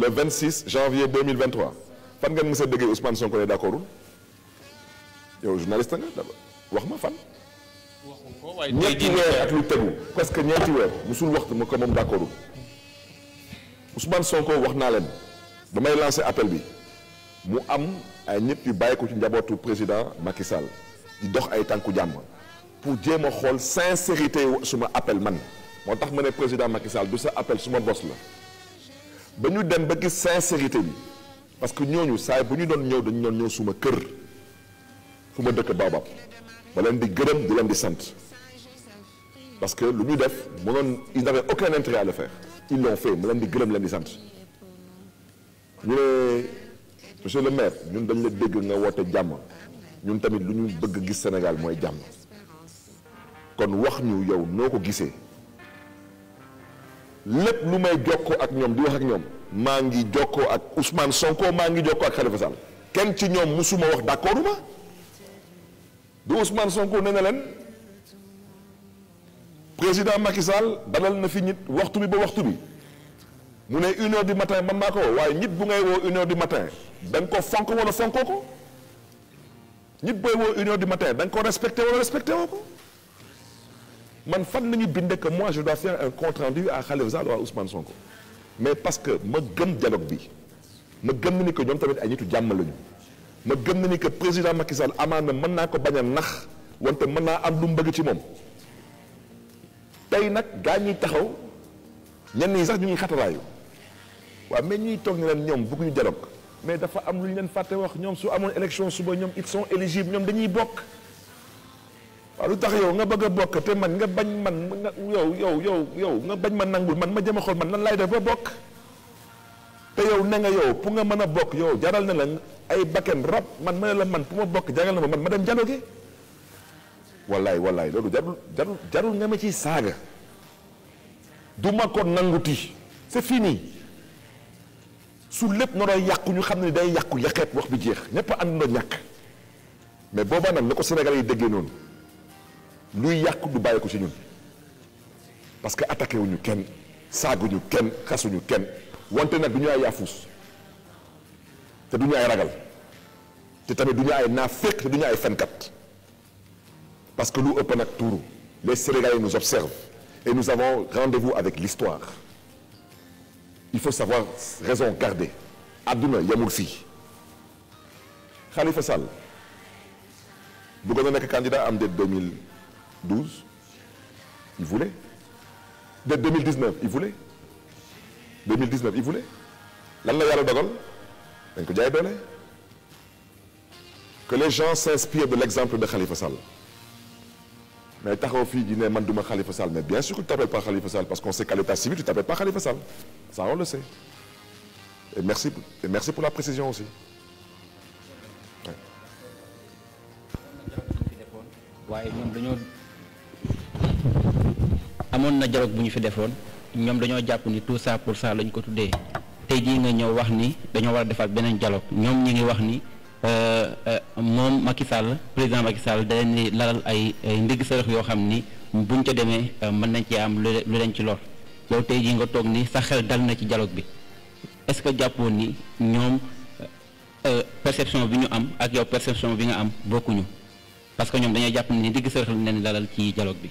le 26 janvier 2023 fan ngeen mës a déggee Ousmane Sonko est d'accord Yo journaliste nga d'abord wax ma fan. ñetti weer parce lu tegu presque ñeenti weer musul waxtu ma ko moom d'accordul Ousmane Sonko wax naa leen damay lancer appel bi mu am ay nit yu bàyyi ci njabootu président Macky Sall di dox ay tanku jamm. pour dire mon rôle sincérité suma appel man moo tax ma président Macky Sall du sa appel suma boss la. ba ñu dem ba gis sincérité bi parce que ñooñu saay bu ñu doon ñëw dañu doon ñëw suma kër fu ma dëkk baobab ba leen di gërëm di leen di sant parce que lu ñu def mënoon ils n'avaient aucun intérêt leen di gërëm leen di sant ñu ne monsieur le maire ñun dañ la dégg nga woote jàmm ñun tamit lu ñu bëgg gis Sénégal mooy jàmm kon wax ñu yow noo ko gisee lepp lu may ak Mangi di wax ak ñom Djoko, ngi ak Ousmane Sonko maa ngi ak ci musuma wax Ousmane Sonko président Macky Sall dalal na fi waxtu ne une heure du matin man mako une heure du matin da fonk wala ko une heure du matin da wala fan que moi je dois faire un compte rendu à Khalifa ou à Ousmane Sonko mais parce que ma gëm dialogue bi ma gëm ni que ñom tamit ay nitu jàmm lañu ma gëm ni que président Macky Sall amana ko nax wante am lu ci mom nak taxaw sax ñu ngi mais ñuy toog ne ñom bu dialogue mais dafa am lu leen Je wax su élection suba ñom ils sont éligibles ñom dañuy bokk. waaw lu tax yow nga bëgg a bokk te man nga bañ man nga yow yow yow yow nga bañ man nangul man ma jëm a xool man lan laay def ba bokk te yow ne nga yow pour nga mën a bokk yow jaral na la ay bakken rab man ma ne la man pour ma bokk jaral na ma man ma dem jalo gi wallaay wallaay loolu jarul jarul nga ma ciy saaga du ma ko nanguti c'est fini su lépp naroo yàqu ñu xam ne day yàqu yàqeet wax bi jeex ñëpp ànd na ñàkk mais boobaa nag na ko senegal yi déggee noonu luy yàqu du bàyyi ko ci ñun parce que attaqué wuñu kenn ken, kenn xasuñu kenn wante nag du ñu ay yaafuus te du ñu ay ragal te tamé du ñu ay naaféq te du ñu ay fenkat parce que on open nag tuuru les Sénégalais nous observent et nous avons rendez-vous avec l'histoire il faut savoir raison garder Abdouna yamul fii Khalifa Sall bëggoon na un candidat am déet 2000 12, il voulait. De 2019, il voulait. 2019, il voulait. la que les gens s'inspirent de l'exemple de Khalifa Sall mais tu as di ne man Khalifa Sall mais bien sûr que tu t'appelles pas Khalifa Sall parce qu'on sait qu'à l'état civil tu t'appelles pas Khalifa Sall ça on le sait et merci merci pour la précision aussi amoon na dialogue bu ñu fi defoon ñoom dañoo jàpp ni tout saa pour saa lañu ko tuddee tey jii nga ñëw wax ni dañoo war defaat beneen dialogue ñoom ñu ngi wax ni euh, euh, moom Macky Sall président Macky Sall da leen di lalal ay ndigg sërëx yoo xam ni buñ ca demee euh, mën nañ ci am lu leen ci lool yow tey jii nga toog ni sa xel dal na ci dialogue bi est-ce que jàppoon ni ñoom perception bi ñu am ak yow perception bi nga am bokkuñu parce que ñoom dañoo jàpp ni ndigg sërëx lañ leen lalal ci dialogue bi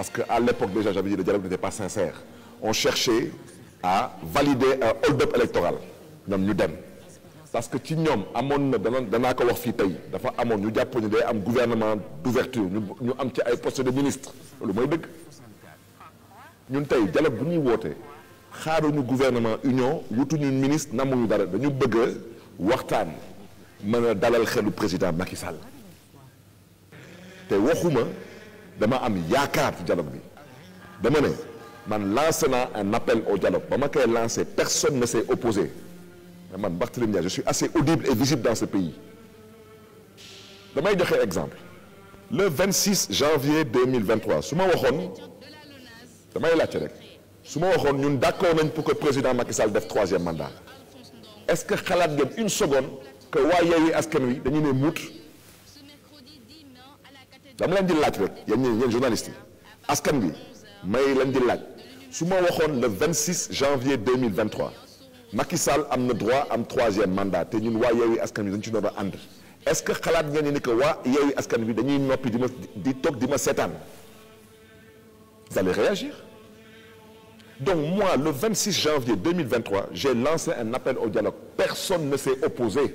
Parce qu'à l'époque déjà, j'avais dit le dialogue n'était pas sincère. On cherchait à valider un hold-up électoral. parce que nous, nous avons, na de Nous gouvernement d'ouverture nous Nous, ci ay de ministre nous dialogue Nous gouvernement union un ministre Nous avons dañu bëgg nous avons a dalal xelu président Macky Sall dama am yaakaar ci dialogue bi dama ne man lancé naa un appel au dialogue ba ma koy lancé personne ne s'est opposé man Barthélémy je suis assez audible et visible dans ce pays damay joxe exemple le 26 janvier 2023 su ma waxoon damay laajte rek su ma waxoon ñun d'accord nañ pour que président Macky Sall def troisième mandat est-ce que xalaat ngeen une seconde que waa Yewwi Askan Wi dañu ne muut dama leen di laaj rek yéen ñii journalistes askan bi may leen di laaj suma waxone le 26 janvier 2023 Macky Sall le droit droit am troisième mandat te ñun waa Yewwi Askan bi dañ ci doon a est-ce que xalat ngeen ni que waa Yewwi Askan Wi dañuy noppi di ma di di ma seetaan vous allez réagir donc moi le 26 janvier 2023 j'ai lancé un appel au dialogue personne ne s'est opposé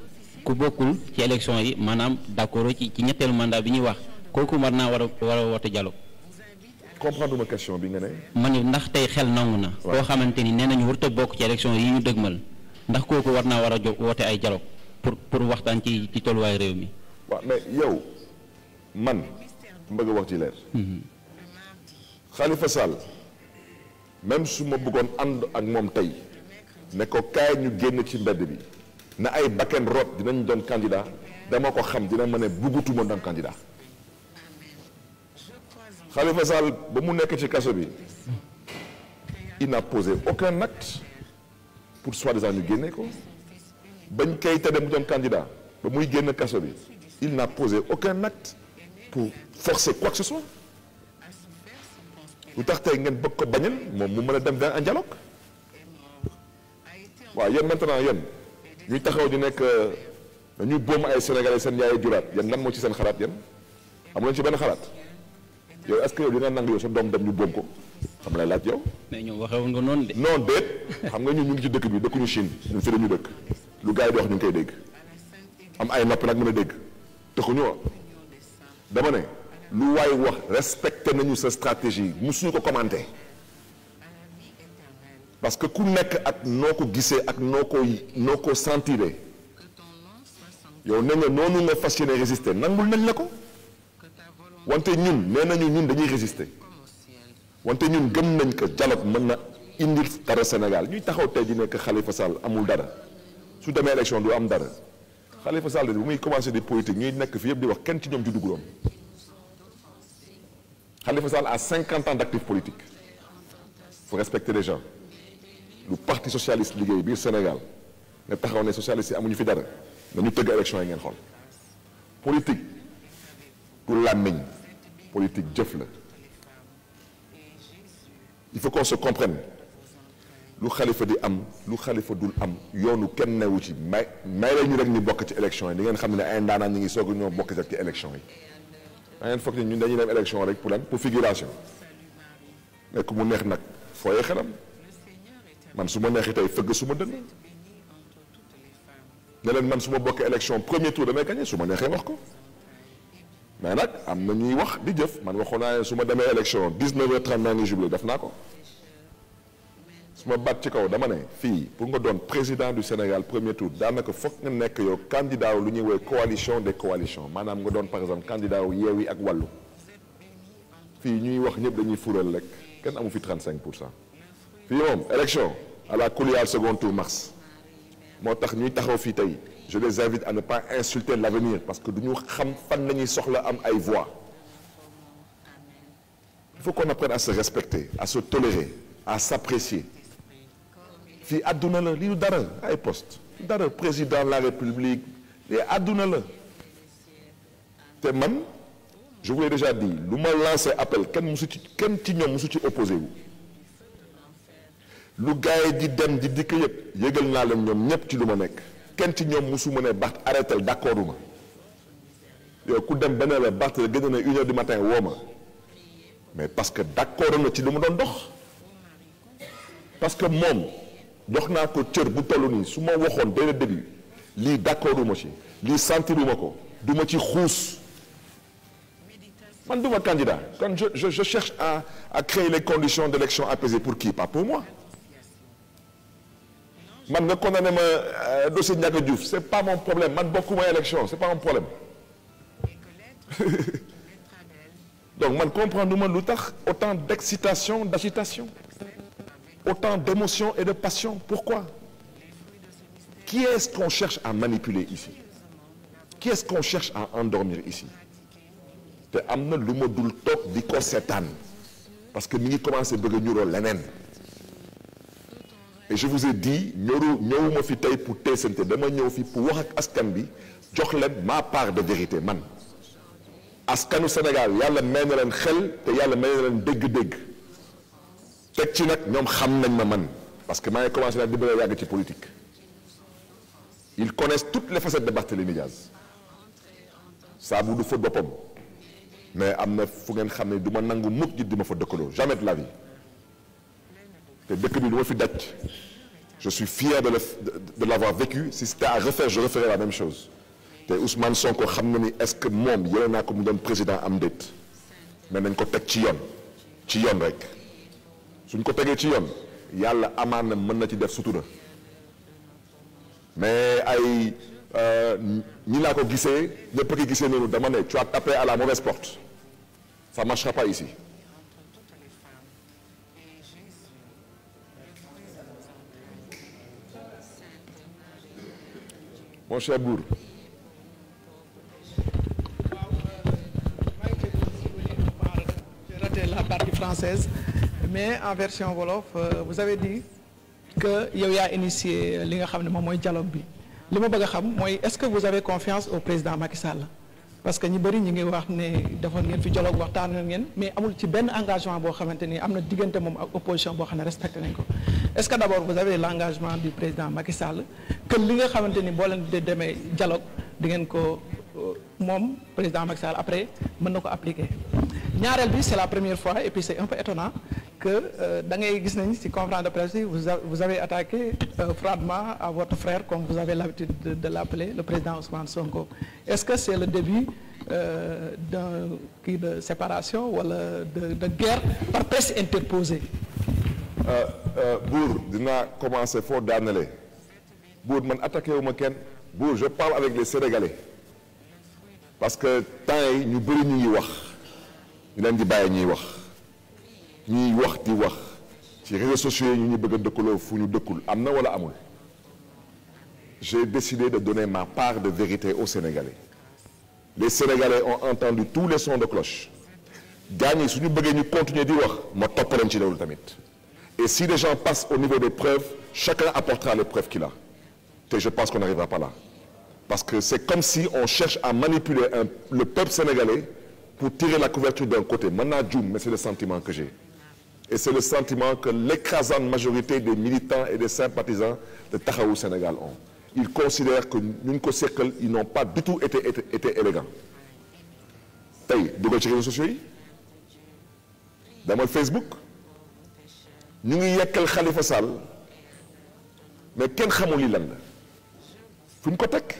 ku bokul ci election yi manam d'accord ci ci ñettel mandat bi ñi wax koku war na wara wara war a dialogue comprendre ma question bi nga né man ndax tay xel nanguna ko xamanteni né nañu wurtu bok ci election yi ñu deggmal ndax koku war na wara ay dialogue pour pour waxtan ci ci way rew mi wa mais yow man mbeug wax ci lèr mhm. Khalifa Sall même suma ma and ak mom tay ne ko kay ñu genn ci mbedd bi na ay bakken root dinañ don candidat dama ko xam dina ma ne buggutuma doon candidat Khalifa Sall ba mu nekk ci kasso bi il n'a posé aucun acte pour soi des ñu génne ko bañ koy tere mu doon candidat ba muy génn kasso bi il n'a posé aucun acte pour forcer quoi que ce soit lu tax tey ngeen bëgg ko bañal moom mu mën a dem vers un dialogue waaw yéen maintenant yéen ñuy taxaw di nekk ñu boom ay sénégalais seen yaay jurat yan lan moo ci seen xalaat yan am nañ ci benn xalaat yow est ce que yow di nga yow sa doom dem ñu boom ko xam lay laaj yow. mais ñu waxe nga noonu de. non déet xam nga ñun ñu ngi ci dëkk bi ñu Chine ñun fi dañu dëkk lu gars yi di wax ñu koy dégg am ay nopp nag mën a dégg ñu dama ne lu waay wax respecté nañu sa stratégie musuñu ko commenté. parce que ku nek ak noko ko ak noko noko sentiré. Yo sentiree yow nga noonu nga fas yéene résister nangul nañ la ko wante ñun nee nañu ñun dañuy résister wante ñun gëm nañ ko dialogue mëna na indil dara Sénégal ñuy taxaw tey di nek Khalifa Sall amul dara su demee élection du am dara Khalifa Sall bu muy commencé di politique ñuy nek fi yëpp di wax kenn ci ñom ju dugguloon Khalifa Sall a 50 ans d'actif politique faut respecter les gens le parti socialiste liggéey au Sénégal nga taxaw socialiste yi amuñu fi dara nañu tëgg élection yi ngeen xool politique du làmmiñ politique jëf la il faut qu'on se comprenne lu Khalifa di am lu Khalifa dul am yoonu kenn newu ci may may la ñu rek ñu bokk ci élection yi di ngeen xam ne ay ndaanaan ñi ngi soog ñoo bokk ci élection yi da ngeen foog ne dañuy dem élection rek pour lan pour figuration comme mu neex nag man suma nexi tay feug fëgg den ma dënn man suma ma election premier tour damay gagné su ma wax ko mais nag am na ñuy wax di jëf man waxoon naa ne su élection 19 h 30 naa ngi jublé def nako suma su ci kaw dama ne fi pour nga doon président du Sénégal premier tour daanaka fokk nga nek yo candidat lu ñuy woy coalition des coalitions manam nga doon par exemple candidat wu Yewwi ak Wallu fi ñuy wax ñep dañuy fural rek kenn amu fi 35 puis élection à la second tour mars je les invite à ne pas insulter l'avenir parce que nous ne xam pas avons soxla voix il faut qu'on apprenne à se respecter à se tolérer à s'apprécier Il y la lii du il ay poste dara président de la république lii àdduna la je vous l'ai déjà dit nous lançons lancé appel Quel musu ci kenn ci opposé lu gars di dem di dik yëpp yëgal naa leen ñoom ñëpp ci lu ma nekk kenn ci ñoom mosu ne Barth arrêtel d'accordu ma yow ku dem beneen la Barth gën a ne une heure du matin woo ma mais parce que d'accord na ci lu mu doon dox parce que moom dox naa ko cër bu toll nii su ma waxoon dès le début lii d'accordu ma ci lii sentiruma ko du ma ci xuus man du ma candidat kon je je cherche à à créer les conditions d'élection apaisées pour qui pas pour moi man nga pas ma euh, dossier Ce c'est pas mon problème beaucoup moins élection c'est pas mon problème <laughs> donc je comprends autant d'excitation d'agitation autant d'émotion et de passion pourquoi qui est-ce qu'on cherche à manipuler ici qui est-ce qu'on cherche à endormir ici te parce que mi ngi à bëgg de et je vous ai dit nous ñëwuma fi pour teesante dama ñëw fi pour wax ak askan bi ma part de vérité man Askanou Sénégal yàlla may xel te le ci man parce que maa commencé à di pour politique ils connaissent toutes les facettes de Barthélémy Diaz Ça pour nous pomme. mais je fu ngeen ne que pas nangu mukk pour jamais de la vie te dëkk je suis fier de l'avoir vécu si c'était à refaire je referais la même chose Ousmane Sonko xam est-ce que moom yore naa ko mu doon président am dette mais nañ ko teg ci yoon ci yoon rek suñ ko tegee ci yoon yàlla amaan na mën na ci def sutura mais ay euh, ñi la ko gisee ñëpp ki gisee noonu dama ne tu as tapé à la mauvaise porte ça marchera pas ici mon cher Bour. J'ai raté la partie française, mais en version Wolof, euh, vous avez dit que yow avez initié li nga dialogue est-ce que vous avez confiance au président Macky Sall parce que ñu bëri ñu ngi wax ne defoon ngeen fi dialogue waxtaan ngeen mais amul ci benn engagement boo xamante ni am na diggante moom ak opposition boo xam ne respecté nañ ko est ce que d' abord vous avez l' engagement du président Macky Sall que li nga xamante ni boo leen di demee dialogue di ngeen ko euh, moom président Macky Sall après mën na ko appliquer c'est la première fois et puis c'est un peu étonnant que euh, da ngay gis nañ ci de presse vous avez attaqué euh, froidement à votre frère comme vous avez l'habitude de, l'appeler le président Ousmane Sonko est-ce que c'est le début euh, de séparation ou de de guerre par presse interposée euh, euh, Bour, dina commencer fort daanale Bour, man attaqué au ken Bour, je parle avec les Sénégalais parce que tant yi ñu bëri j'ai décidé de donner ma part de vérité aux Sénégalais les Sénégalais ont entendu tous les sons de cloche Gagner, si ñu continuer di wax ma et si les gens passent au niveau des preuves chacun apportera les preuves qu'il a Et je pense qu'on n'arrivera pas là parce que c'est comme si on cherche à manipuler le peuple sénégalais pour tirer la couverture d'un côté. mais c'est le sentiment que j'ai. Et c'est le sentiment que l'écrasante majorité des militants et des sympathisants de Tahaou Sénégal ont. Ils considèrent que Nunko Circle, ils n'ont pas du tout été, été, Vous élégants. Taï, de les réseaux sociaux Dans mon Facebook Nous quel Khalifa Sall, mais quel Khamouli Land Fouine Kotek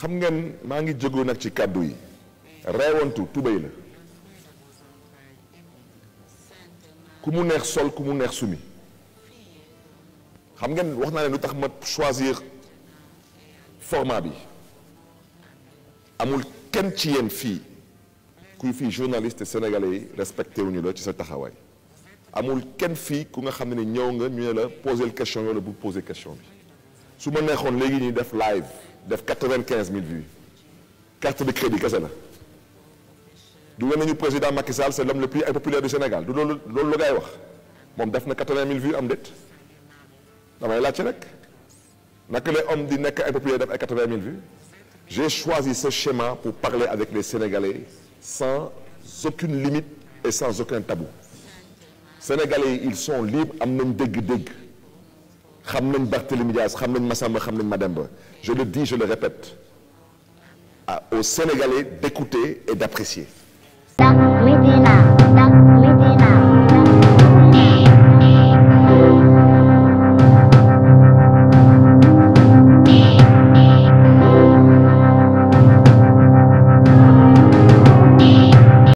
xam ngeen maa ngi jógoo nag ci kàddu yi reewantu tubéy la ku mu neex sol ku mu neex sumi xam ngeen wax naa leen lu tax ma choisir format bi amul kenn ci yéen fii kuy fii journaliste sénégalais yi respecté wuñu la ci sa taxawaay amul kenn fii ku nga xam ne ñëw nga ñu ne la poser question yow la bu poser question bi su ma neexoon léegi ñuy def live def 95 000 vues carte de crédit kese la président Macky Sall c'est l'homme le plus impopulaire du Sénégal du loolu loolu la gaay wax def na vues am déet damay laajte rek naka les hommes di nekk impopulaire def ay vues j'ai choisi ce schéma pour parler avec les Sénégalais sans aucune limite et sans aucun tabou Sénégalais ils sont libres am nañ dégg je le dis je le répète ah, aux Sénégalais d'écouter et d'apprécier.